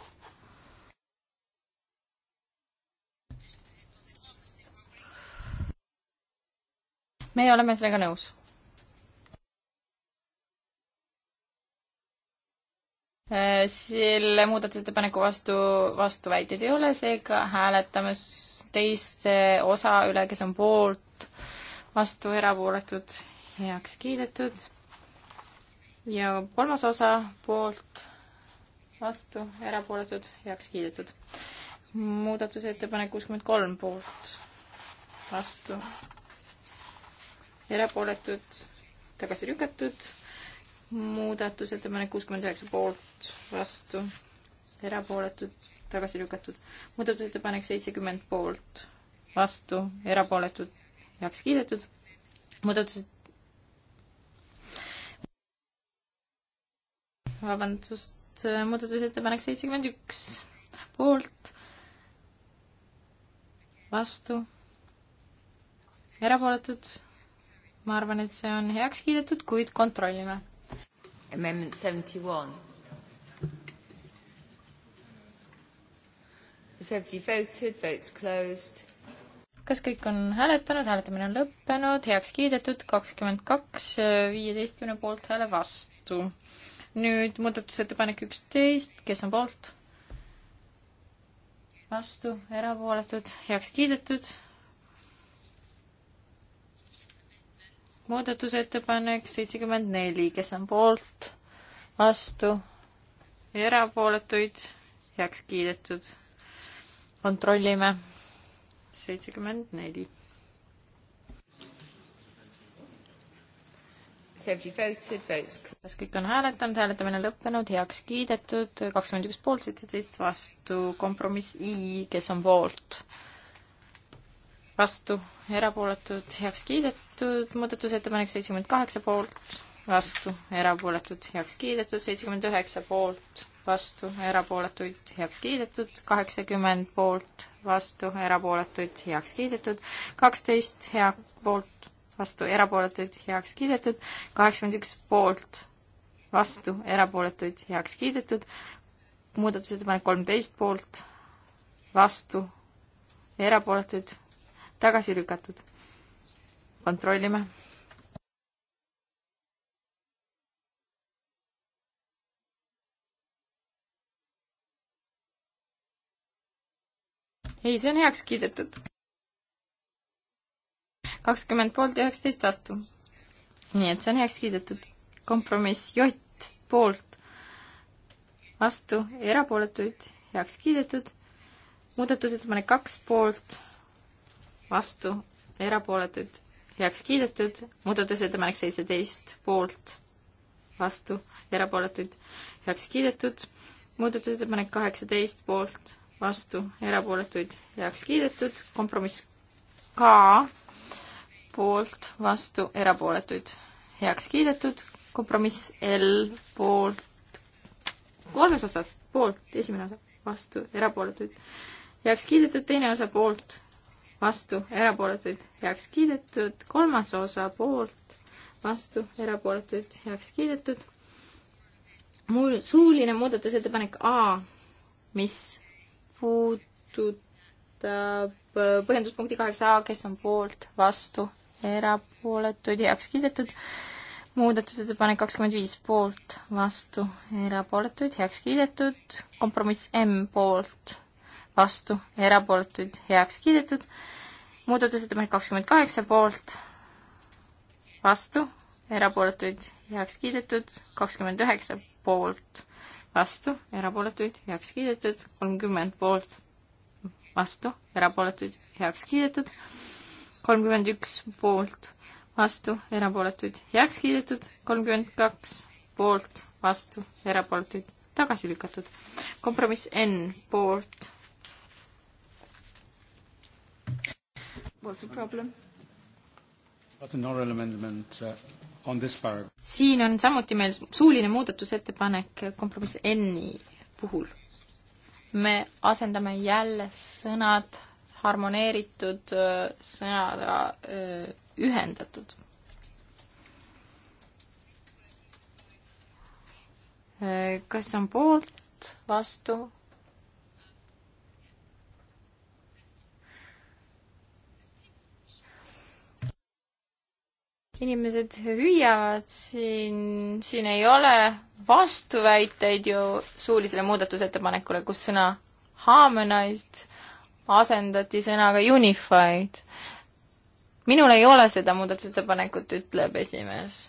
meie oleme sellega nõus. Äh, selle muudatusettepaneku vastu, vastuväiteid ei ole, seega hääletame teist osa üle, kes on poolt, vastu, erapooletud, heaks kiidetud. ja kolmas osa poolt, vastu, erapooletud, heaks kiidetud. muudatusettepanek kuuskümmend kolm poolt, vastu, erapooletud, tagasi lükatud. muudatusettepanek kuuskümmend üheksa poolt, vastu, erapooletud, tagasi lükatud. muudatusettepanek seitsekümmend poolt, vastu, erapooletud, heaks kiidetud. muudatused vabandust, muudatusettepanek seitsekümmend üks poolt, vastu, erapooletud ma arvan, et see on heaks kiidetud, kuid kontrollime. Amendment seventy one. Has everybody voted? Votes closed. kas kõik on hääletanud, hääletamine on lõppenud, heaks kiidetud, kakskümmend kaks äh, viieteistkümne poolthääle vastu. nüüd muudatusettepanek üksteist, kes on poolt? vastu, erapooletud, heaks kiidetud muudatusettepanek seitsekümmend neli, kes on poolt, vastu, erapooletuid, heaks kiidetud. kontrollime. seitsekümmend neli. kas kõik on hääletanud, hääletamine lõppenud, heaks kiidetud, kakskümmend üks poolt, seitseteist vastu, kompromiss I, kes on poolt? vastu, erapooletud, heaks kiidetud võetud, muudatusettepanek seitsekümmend kaheksa poolt, vastu, erapooletud, heaks kiidetud, seitsekümmend üheksa poolt, vastu, erapooletuid, heaks kiidetud, kaheksakümmend poolt, vastu, erapooletuid, heaks kiidetud, kaksteist hea poolt, vastu, erapooletuid, heaks kiidetud, kaheksakümmend üks poolt, vastu, erapooletuid, heaks kiidetud, muudatusettepanek kolmteist poolt, vastu, erapooletuid, tagasi lükatud kontrollime. ei, see on heaks kiidetud. kakskümmend poolt, üheksateist vastu. nii et see on heaks kiidetud. kompromiss J poolt, vastu, erapooletuid, heaks kiidetud. muudatusettepanek kaks poolt, vastu, erapooletuid heaks kiidetud, muudatusettepanek seitseteist poolt, vastu, erapooletuid heaks kiidetud, muudatusettepanek kaheksateist poolt, vastu, erapooletuid heaks kiidetud, kompromiss ka poolt, vastu, erapooletuid heaks kiidetud, kompromiss L poolt, kolmes osas, poolt, esimene osa, vastu, erapooletuid heaks kiidetud, teine osa poolt, vastu, erapooletuid heaks kiidetud, kolmas osa poolt, vastu, erapooletuid heaks kiidetud. mul suuline muudatusettepanek A, mis puudutab äh, põhjenduspunkti kaheksa A, kes on poolt, vastu, erapooletuid heaks kiidetud muudatusettepanek kakskümmend viis poolt, vastu, erapooletuid, heaks kiidetud, kompromiss M poolt, vastu, erapooletuid heaks kiidetud. muudatusettepanek kakskümmend kaheksa poolt, vastu, erapooletuid heaks kiidetud, kakskümmend üheksa poolt, vastu, erapooletuid heaks kiidetud, kolmkümmend poolt, vastu, erapooletuid heaks kiidetud, kolmkümmend üks poolt, vastu, erapooletuid heaks kiidetud, kolmkümmend kaks poolt, vastu, erapooletuid tagasi lükatud. kompromiss N poolt What's the problem? Uh, siin on samuti meil suuline muudatusettepanek kompromiss N-i puhul. me asendame jälle sõnad harmoneeritud äh, sõnaga äh, ühendatud. Äh, kas on poolt, vastu? inimesed hüüavad siin, siin ei ole vastuväiteid ju suulisele muudatusettepanekule, kus sõna harmonized asendati sõnaga unified. minul ei ole seda muudatusettepanekut, ütleb esimees.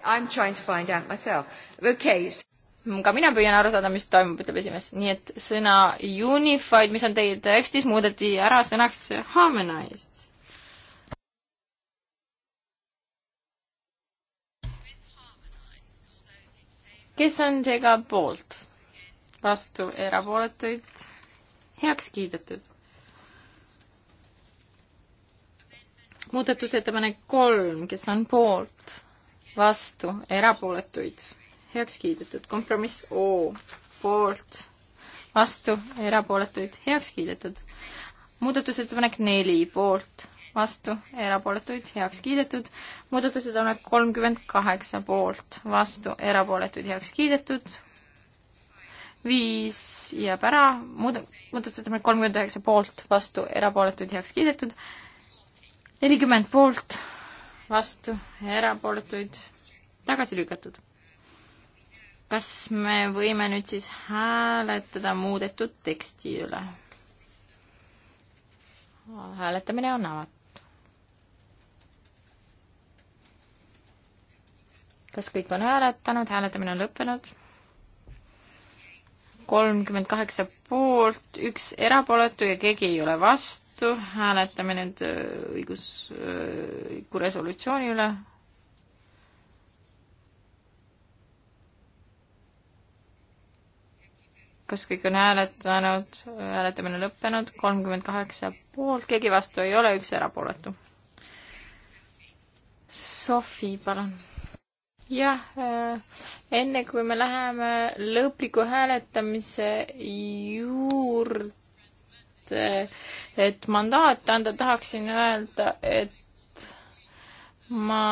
I am trying to find out myself. Okay. ka mina püüan aru saada, mis toimub, ütleb esimees. nii et sõna unified, mis on teie tekstis, muudeti ära sõnaks harmonized kes on seega poolt? vastu erapooletuid, heaks kiidetud. muudatusettepanek kolm, kes on poolt, vastu, erapooletuid, heaks kiidetud. kompromiss O, poolt, vastu, erapooletuid, heaks kiidetud. muudatusettepanek neli, poolt, vastu, erapooletuid, heaks kiidetud. muudatusettepanek kolmkümmend kaheksa poolt, vastu, erapooletuid, heaks kiidetud. viis jääb ära, muud-, muudatusettepanek kolmkümmend üheksa poolt, vastu, erapooletuid, heaks kiidetud. nelikümmend poolt, vastu, erapooletuid, tagasi lükatud kas me võime nüüd siis hääletada muudetud teksti üle? hääletamine on avatud. kas kõik on hääletanud, hääletamine on lõppenud? kolmkümmend kaheksa poolt, üks erapooletu ja keegi ei ole vastu, hääletame nüüd äh, õigusliku äh, resolutsiooni üle. kas kõik on hääletanud, hääletamine lõppenud, kolmkümmend kaheksa poolt, keegi vastu ei ole, üks erapooletu. Sofi, palun jah, äh, enne kui me läheme lõpliku hääletamise juurde, et mandaat anda, tahaksin öelda, et ma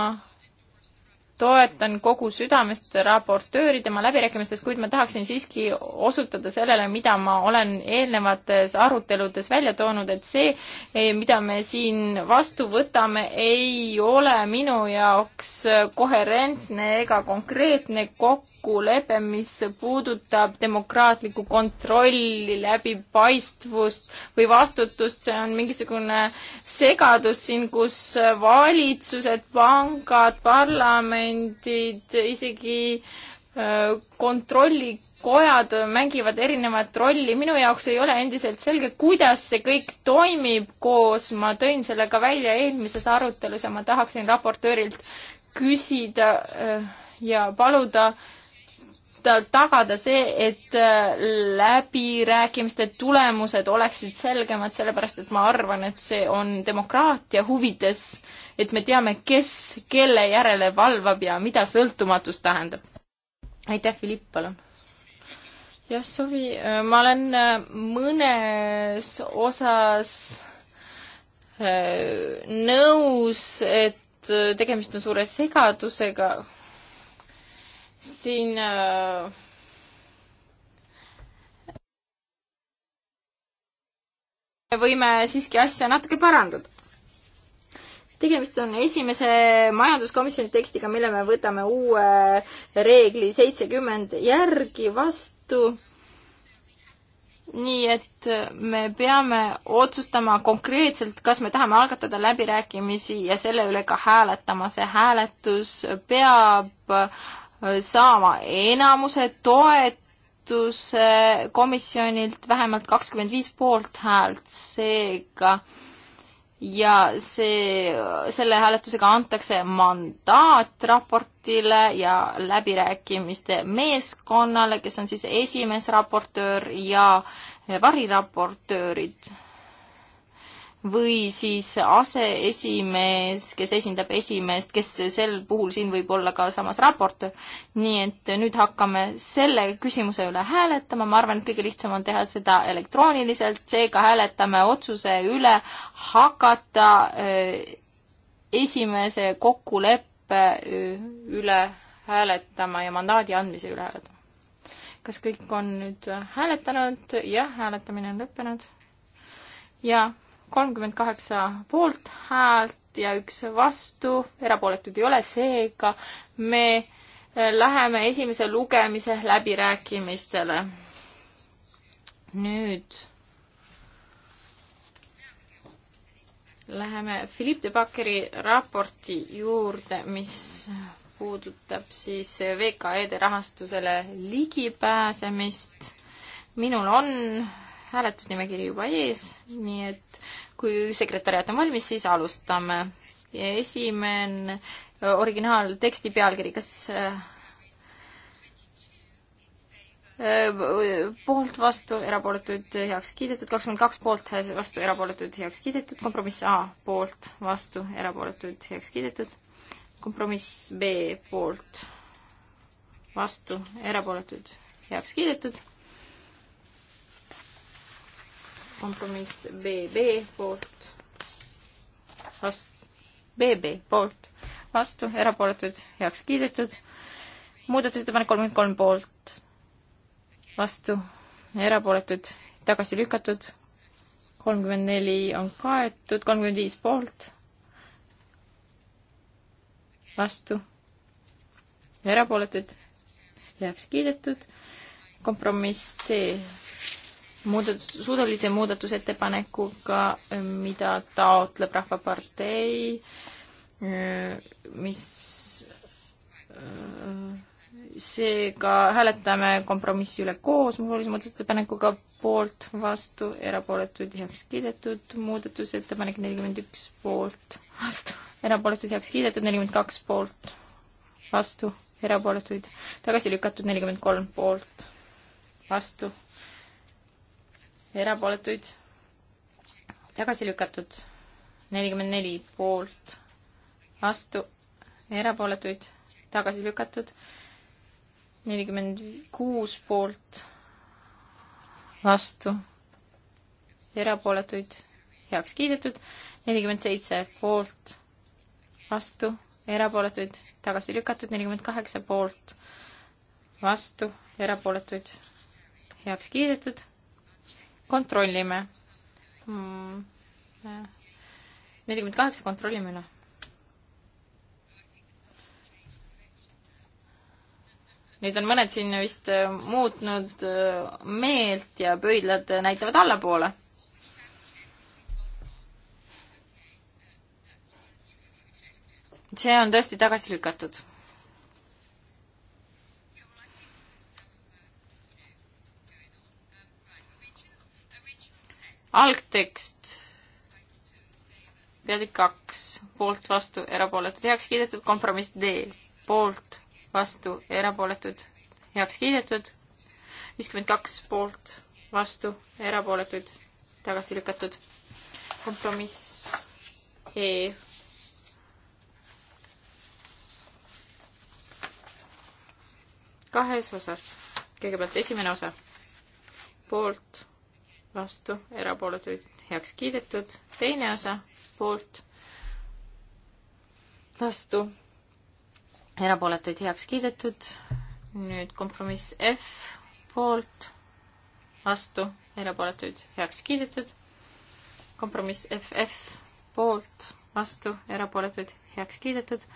toetan kogu südamest raportööri tema läbirääkimistes, kuid ma tahaksin siiski osutada sellele, mida ma olen eelnevates aruteludes välja toonud, et see, eh, mida me siin vastu võtame, ei ole minu jaoks koherentne ega konkreetne kokku kokkulepe, mis puudutab demokraatlikku kontrolli, läbipaistvust või vastutust, see on mingisugune segadus siin, kus valitsused, pangad, parlamendid, isegi äh, kontrollikojad mängivad erinevat rolli, minu jaoks ei ole endiselt selge, kuidas see kõik toimib koos, ma tõin selle ka välja eelmises arutelus ja ma tahaksin raportöörilt küsida äh, ja paluda äh, tagada see, et äh, läbirääkimiste tulemused oleksid selgemad, sellepärast et ma arvan, et see on demokraatia huvides, et me teame, kes kelle järele valvab ja mida sõltumatus tähendab. aitäh, Philipp, palun! jah, Sovi, äh, ma olen äh, mõnes osas nõus, et tegemist on suure segadusega siin äh, võime siiski asja natuke parandada. tegemist on esimese majanduskomisjoni tekstiga, mille me võtame uue reegli seitsekümmend järgi vastu. nii et me peame otsustama konkreetselt, kas me tahame algatada läbirääkimisi ja selle üle ka hääletama. see hääletus peab saama enamuse toetuse komisjonilt vähemalt kakskümmend viis poolthäält, seega ja see, selle hääletusega antakse mandaat raportile ja läbirääkimiste meeskonnale, kes on siis esimees raportöör ja variraportöörid või siis aseesimees, kes esindab esimeest, kes sel puhul siin võib olla ka samas raportöör. nii et nüüd hakkame selle küsimuse üle hääletama, ma arvan, et kõige lihtsam on teha seda elektrooniliselt, seega hääletame otsuse üle hakata äh, esimese kokkuleppe äh, üle hääletama ja mandaadi andmise üle hääletama. kas kõik on nüüd hääletanud? jah, hääletamine on lõppenud. jaa kolmkümmend kaheksa poolthäält ja üks vastu, erapooletuid ei ole, seega me eh, läheme esimese lugemise läbirääkimistele. nüüd läheme Philippe de Bakkeri raporti juurde, mis puudutab siis VKE-de rahastusele ligipääsemist. minul on hääletusnimekiri juba ees, nii et kui sekretäriat on valmis, siis alustame. esimene originaalteksti pealkiri, kas äh, äh, poolt, vastu, erapooletuid, heaks kiidetud, kakskümmend kaks poolt, vastu, erapooletuid, heaks kiidetud, kompromiss A poolt, vastu, erapooletuid, heaks kiidetud, kompromiss B poolt, vastu, erapooletuid, heaks kiidetud kompromiss BB poolt, vast-, BB poolt, vastu, erapooletud, heaks kiidetud. muudatusettepanek kolmkümmend kolm poolt, vastu, erapooletud, tagasi lükatud. kolmkümmend neli on kaetud, kolmkümmend viis poolt, vastu, erapooletud, heaks kiidetud. kompromiss C muudatus, suudelise muudatusettepanekuga, mida taotleb Rahvapartei, mis seega hääletame kompromissi üle koos suulise muudatusettepanekuga poolt, vastu, erapooletuid heaks kiidetud, muudatusettepanek nelikümmend üks poolt, erapooletuid heaks kiidetud, nelikümmend kaks poolt, vastu, erapooletuid tagasi lükatud, nelikümmend kolm poolt, vastu erapooletuid tagasi lükatud. nelikümmend neli poolt, vastu, erapooletuid tagasi lükatud. nelikümmend kuus poolt, vastu, erapooletuid heaks kiidetud. nelikümmend seitse poolt, vastu, erapooletuid tagasi lükatud. nelikümmend kaheksa poolt, vastu, erapooletuid heaks kiidetud kontrollime. nelikümmend kaheksa, kontrollime üle. nüüd on mõned siin vist äh, muutnud äh, meelt ja pöidlad äh, näitavad allapoole see on tõesti tagasi lükatud. algtekst, peatükk kaks, poolt, vastu, erapooletud, heaks kiidetud, kompromiss D, poolt, vastu, erapooletud, heaks kiidetud, viiskümmend kaks poolt, vastu, erapooletud, tagasi lükatud, kompromiss E kahes osas. kõigepealt esimene osa. poolt, vastu, erapooletuid heaks kiidetud, teine osa poolt, vastu, erapooletuid heaks kiidetud, nüüd kompromiss F poolt, vastu, erapooletuid heaks kiidetud, kompromiss FF poolt, vastu, erapooletuid heaks kiidetud,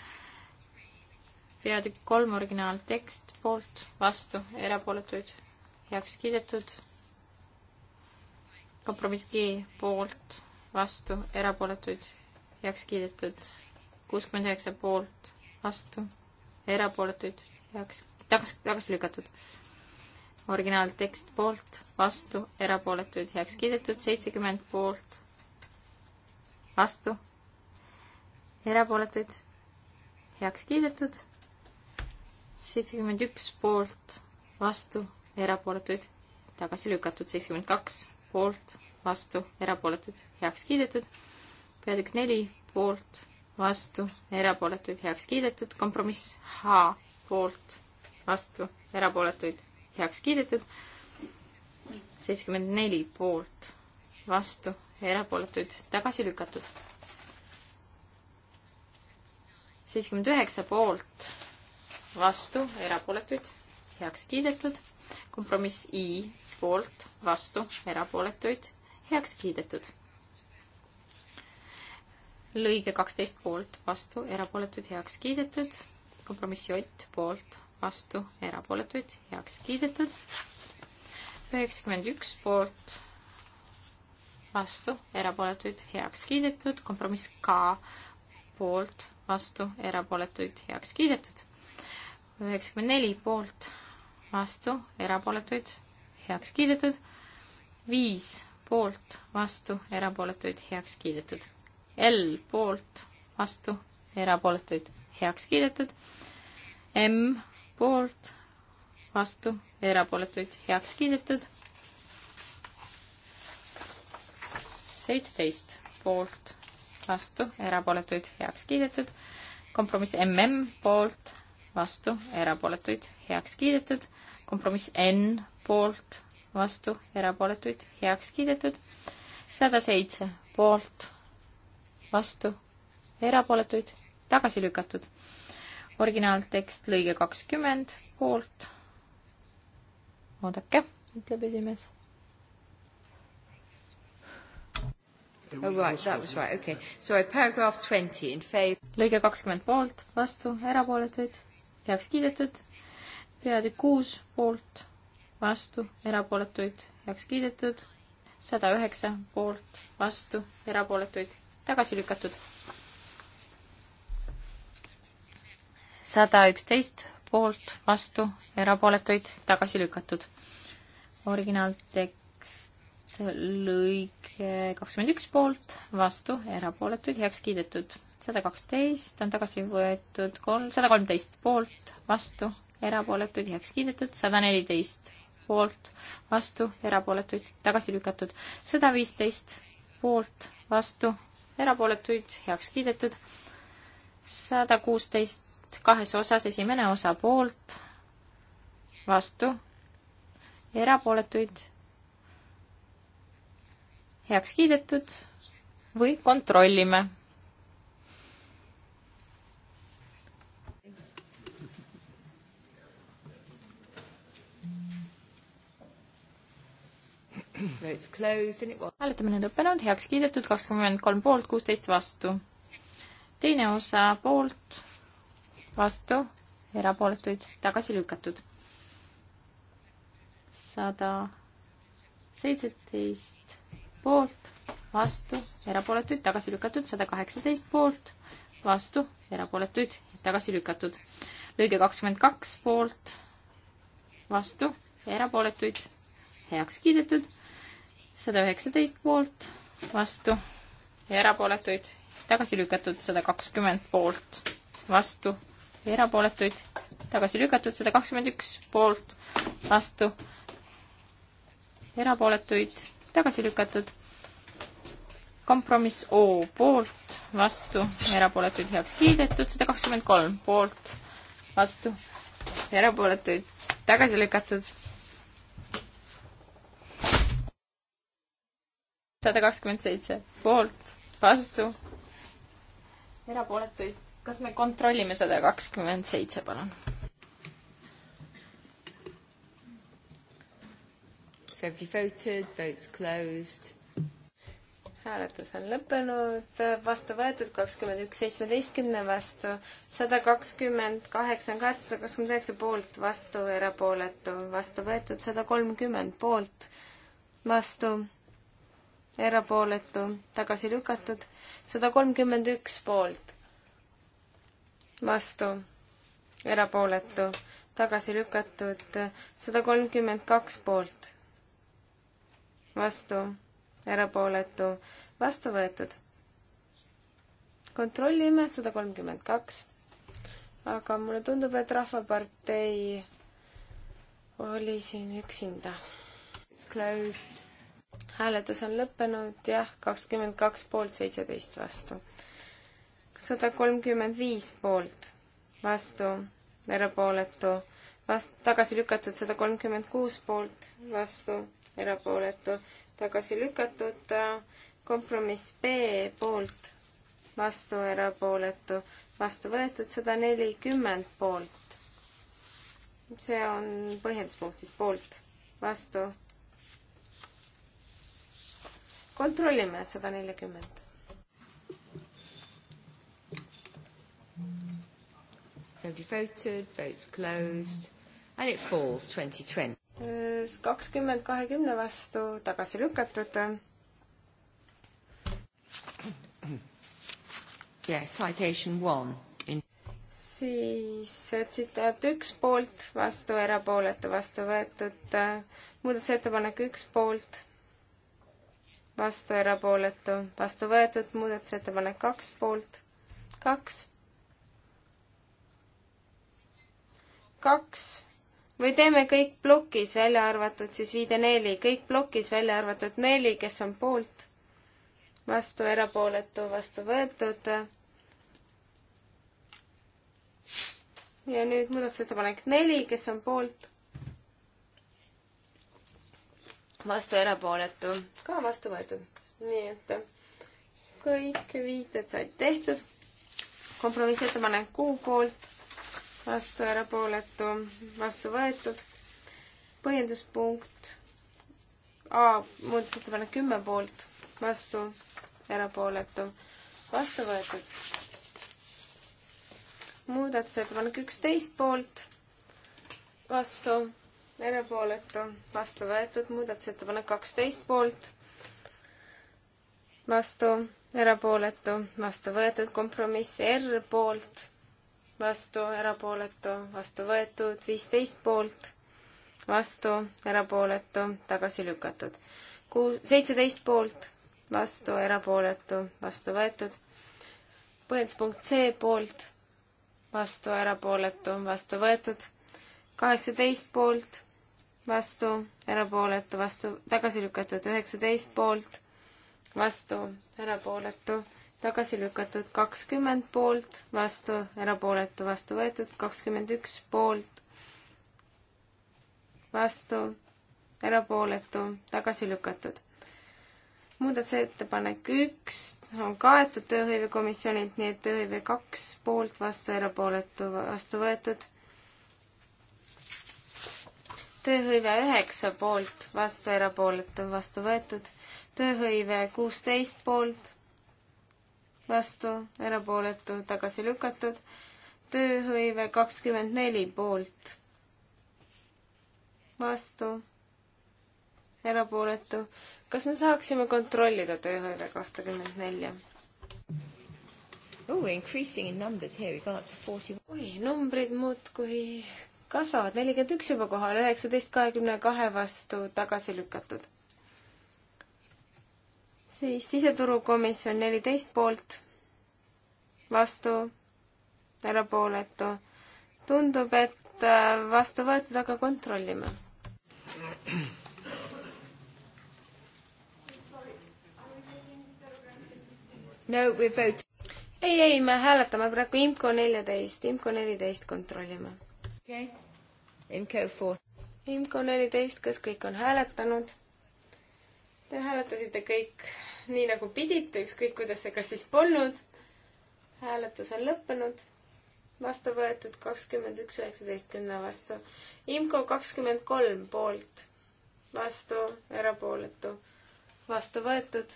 peatükk kolm originaaltekst poolt, vastu, erapooletuid heaks kiidetud kompromiss G poolt, vastu, erapooletuid, heaks kiidetud. kuuskümmend üheksa poolt, vastu, erapooletuid, heaks, tagasi, tagasi lükatud. originaaltekst poolt, vastu, erapooletuid, heaks kiidetud, seitsekümmend poolt, vastu, erapooletuid, heaks kiidetud. seitsekümmend üks poolt, vastu, erapooletuid, tagasi lükatud, seitsekümmend kaks poolt, vastu, erapooletud, heaks kiidetud. peatükk neli, poolt, vastu, erapooletuid, heaks kiidetud. kompromiss H, poolt, vastu, erapooletuid, heaks kiidetud. seitsekümmend neli, poolt, vastu, erapooletuid, tagasi lükatud. seitsekümmend üheksa, poolt, vastu, erapooletuid, heaks kiidetud. kompromiss I, poolt, vastu, erapooletuid, heaks kiidetud. lõige kaksteist poolt, vastu, erapooletuid, heaks kiidetud. kompromiss J poolt, vastu, erapooletuid, heaks kiidetud. üheksakümmend üks poolt, vastu, erapooletuid, heaks kiidetud. kompromiss K poolt, vastu, erapooletuid, heaks kiidetud. üheksakümmend neli poolt, vastu, erapooletuid, heaks kiidetud, viis poolt, vastu, erapooletuid, heaks kiidetud. L poolt, vastu, erapooletuid, heaks kiidetud. M poolt, vastu, erapooletuid, heaks kiidetud. seitseteist poolt, vastu, erapooletuid, heaks kiidetud. kompromiss MM poolt, vastu, erapooletuid, heaks kiidetud. kompromiss N poolt, vastu, erapooletuid, heaks kiidetud. sada seitse poolt, vastu, erapooletuid, tagasi lükatud. originaaltekst lõige kakskümmend poolt. oodake, ütleb esimees. Oh right, that was right, okay. Sorry, paragrahv twenty in favor. lõige kakskümmend poolt, vastu, erapooletuid, heaks kiidetud. peatükk kuus poolt vastu, erapooletuid heaks kiidetud, sada üheksa poolt, vastu, erapooletuid tagasi lükatud. sada üksteist poolt, vastu, erapooletuid tagasi lükatud. originaaltekst lõige kakskümmend üks poolt, vastu, erapooletuid heaks kiidetud. sada kaksteist on tagasi võetud kolm, sada kolmteist poolt, vastu, erapooletuid heaks kiidetud, sada neliteist poolt, vastu, erapooletuid, tagasi lükatud. sada viisteist poolt, vastu, erapooletuid, heaks kiidetud. sada kuusteist kahes osas, esimene osa poolt, vastu, erapooletuid, heaks kiidetud või kontrollime hääletamine on lõppenud, heaks kiidetud, kakskümmend kolm poolt, kuusteist vastu. teine osa poolt, vastu, erapooletuid, tagasi lükatud. sada seitseteist poolt, vastu, erapooletuid, tagasi lükatud, sada kaheksateist poolt, vastu, erapooletuid, tagasi lükatud. lõige kakskümmend kaks poolt, vastu, erapooletuid, heaks kiidetud sada üheksateist poolt, vastu ja erapooletuid, tagasi lükatud sada kakskümmend poolt, vastu ja erapooletuid, tagasi lükatud sada kakskümmend üks poolt, vastu, erapooletuid, tagasi lükatud. kompromiss O poolt, vastu, erapooletuid heaks kiidetud, sada kakskümmend kolm poolt, vastu, erapooletuid, tagasi lükatud sada kakskümmend seitse poolt, vastu, erapooletuid. kas me kontrollime sada kakskümmend seitse, palun? hääletus on lõppenud, vastu võetud kakskümmend üks seitsmeteistkümne vastu, sada kakskümmend kaheksa on kaetud, sada kakskümmend üheksa poolt, vastu erapooletu, vastu võetud sada kolmkümmend poolt, vastu erapooletu, tagasi lükatud, sada kolmkümmend üks poolt, vastu, erapooletu, tagasi lükatud, sada kolmkümmend kaks poolt, vastu, erapooletu, vastu võetud. kontrollime sada kolmkümmend kaks, aga mulle tundub, et Rahvapartei oli siin üksinda. It's closed hääletus on lõppenud, jah, kakskümmend kaks poolt, seitseteist vastu. sada kolmkümmend viis poolt, vastu, erapooletu, vast-, tagasi lükatud sada kolmkümmend kuus poolt, vastu, erapooletu, tagasi lükatud, kompromiss B poolt, vastu, erapooletu, vastu võetud sada nelikümmend poolt. see on põhjenduspunkt siis poolt, vastu kontrollime sada nelikümmend. Nobody voted, votes closed and it falls twenty twenty. Äh, kakskümmend kahekümne vastu tagasi lükatud. Yeah, citation one siis äh, tsitaat üks poolt, vastu, erapooletu, vastu võetud, äh, muudatusettepanek üks poolt, vastu, erapooletu, vastu võetud, muudatusettepanek kaks poolt, kaks, kaks või teeme kõik plokis, välja arvatud siis viide neli, kõik plokis, välja arvatud neli, kes on poolt, vastu, erapooletu, vastu võetud. ja nüüd muudatusettepanek neli, kes on poolt vastu erapooletu, ka vastu võetud. nii et kõik viited said tehtud. kompromissettepanek kuu poolt, vastu erapooletu, vastu võetud. põhjenduspunkt A, muudatusettepanek kümme poolt, vastu erapooletu, vastu võetud. muudatusettepanek üksteist poolt, vastu erapooletu, vastu võetud, muudatusettepanek kaksteist poolt, vastu, erapooletu, vastu võetud, kompromiss R poolt, vastu, erapooletu, vastu võetud, viisteist poolt, vastu, erapooletu, tagasi lükatud. Kuu-, seitseteist poolt, vastu, erapooletu, vastu võetud, põhjenduspunkt C poolt, vastu, erapooletu, vastu võetud, kaheksateist poolt vastu, erapooletu, vastu, tagasi lükatud, üheksateist poolt, vastu, erapooletu, tagasi lükatud, kakskümmend poolt, vastu, erapooletu, vastu võetud, kakskümmend üks poolt, vastu, erapooletu, tagasi lükatud muudatusettepanek üks on kaetud tööhõivekomisjonilt, nii et tööhõive kaks poolt vastu, erapooletu vastu võetud tööhõive üheksa poolt, vastu erapooletu, vastu võetud. tööhõive kuusteist poolt, vastu erapooletu, tagasi lükatud. tööhõive kakskümmend neli poolt, vastu erapooletu. kas me saaksime kontrollida tööhõive kahtekümmet nelja? Oh, increasing in numbers here, we got up to 40. oi, numbrid muudkui kasvavad, nelikümmend üks juba kohal, üheksateist kahekümne kahe vastu tagasi lükatud. siis siseturukomisjon neliteist poolt, vastu, erapooletu. tundub, et äh, vastu võetud, aga kontrollime. no we vote ei, ei, me hääletame praegu IMCO neljateist, IMCO neliteist kontrollime. okei okay.. IMCO neliteist, kas kõik on hääletanud? Te hääletasite kõik nii nagu pidite, ükskõik kuidas see kas siis polnud. hääletus on lõppenud. vastu võetud kakskümmend üks üheksateistkümne vastu. IMCO kakskümmend kolm poolt, vastu, erapooletu, vastu võetud.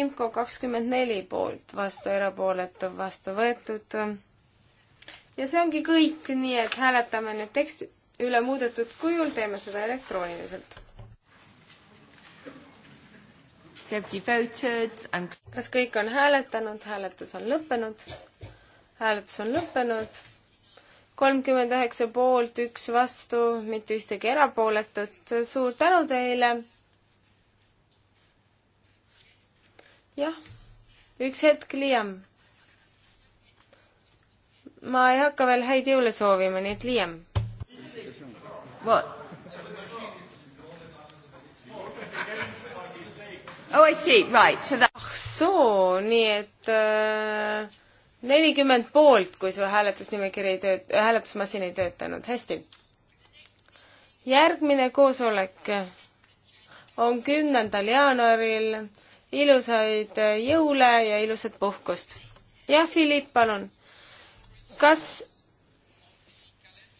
IMCO kakskümmend neli poolt, vastu, erapooletu, vastu võetud ja see ongi kõik, nii et hääletame nüüd teksti, üle muudetud kujul, teeme seda elektrooniliselt. kas kõik on hääletanud, hääletus on lõppenud? hääletus on lõppenud. kolmkümmend üheksa poolt, üks vastu, mitte ühtegi erapooletut. suur tänu teile. jah, üks hetk, Liam. ma ei hakka veel häid jõule soovima, nii et Liam What? Oh, I see, right, so that... ah soo, nii et äh, nelikümmend poolt, kui su hääletusnimekiri ei tööt-, äh, hääletusmasin ei töötanud, hästi. järgmine koosolek äh, on kümnendal jaanuaril, ilusaid jõule ja ilusat puhkust. jah, Philipp, palun. kas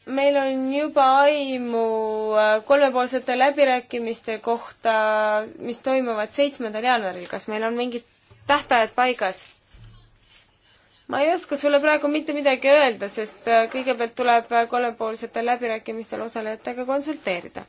meil on juba aimu äh, kolmepoolsete läbirääkimiste kohta, mis toimuvad seitsmendal jaanuaril, kas meil on mingid tähtajad paigas? ma ei oska sulle praegu mitte midagi öelda, sest äh, kõigepealt tuleb äh, kolmepoolsetel läbirääkimistel osalejatega konsulteerida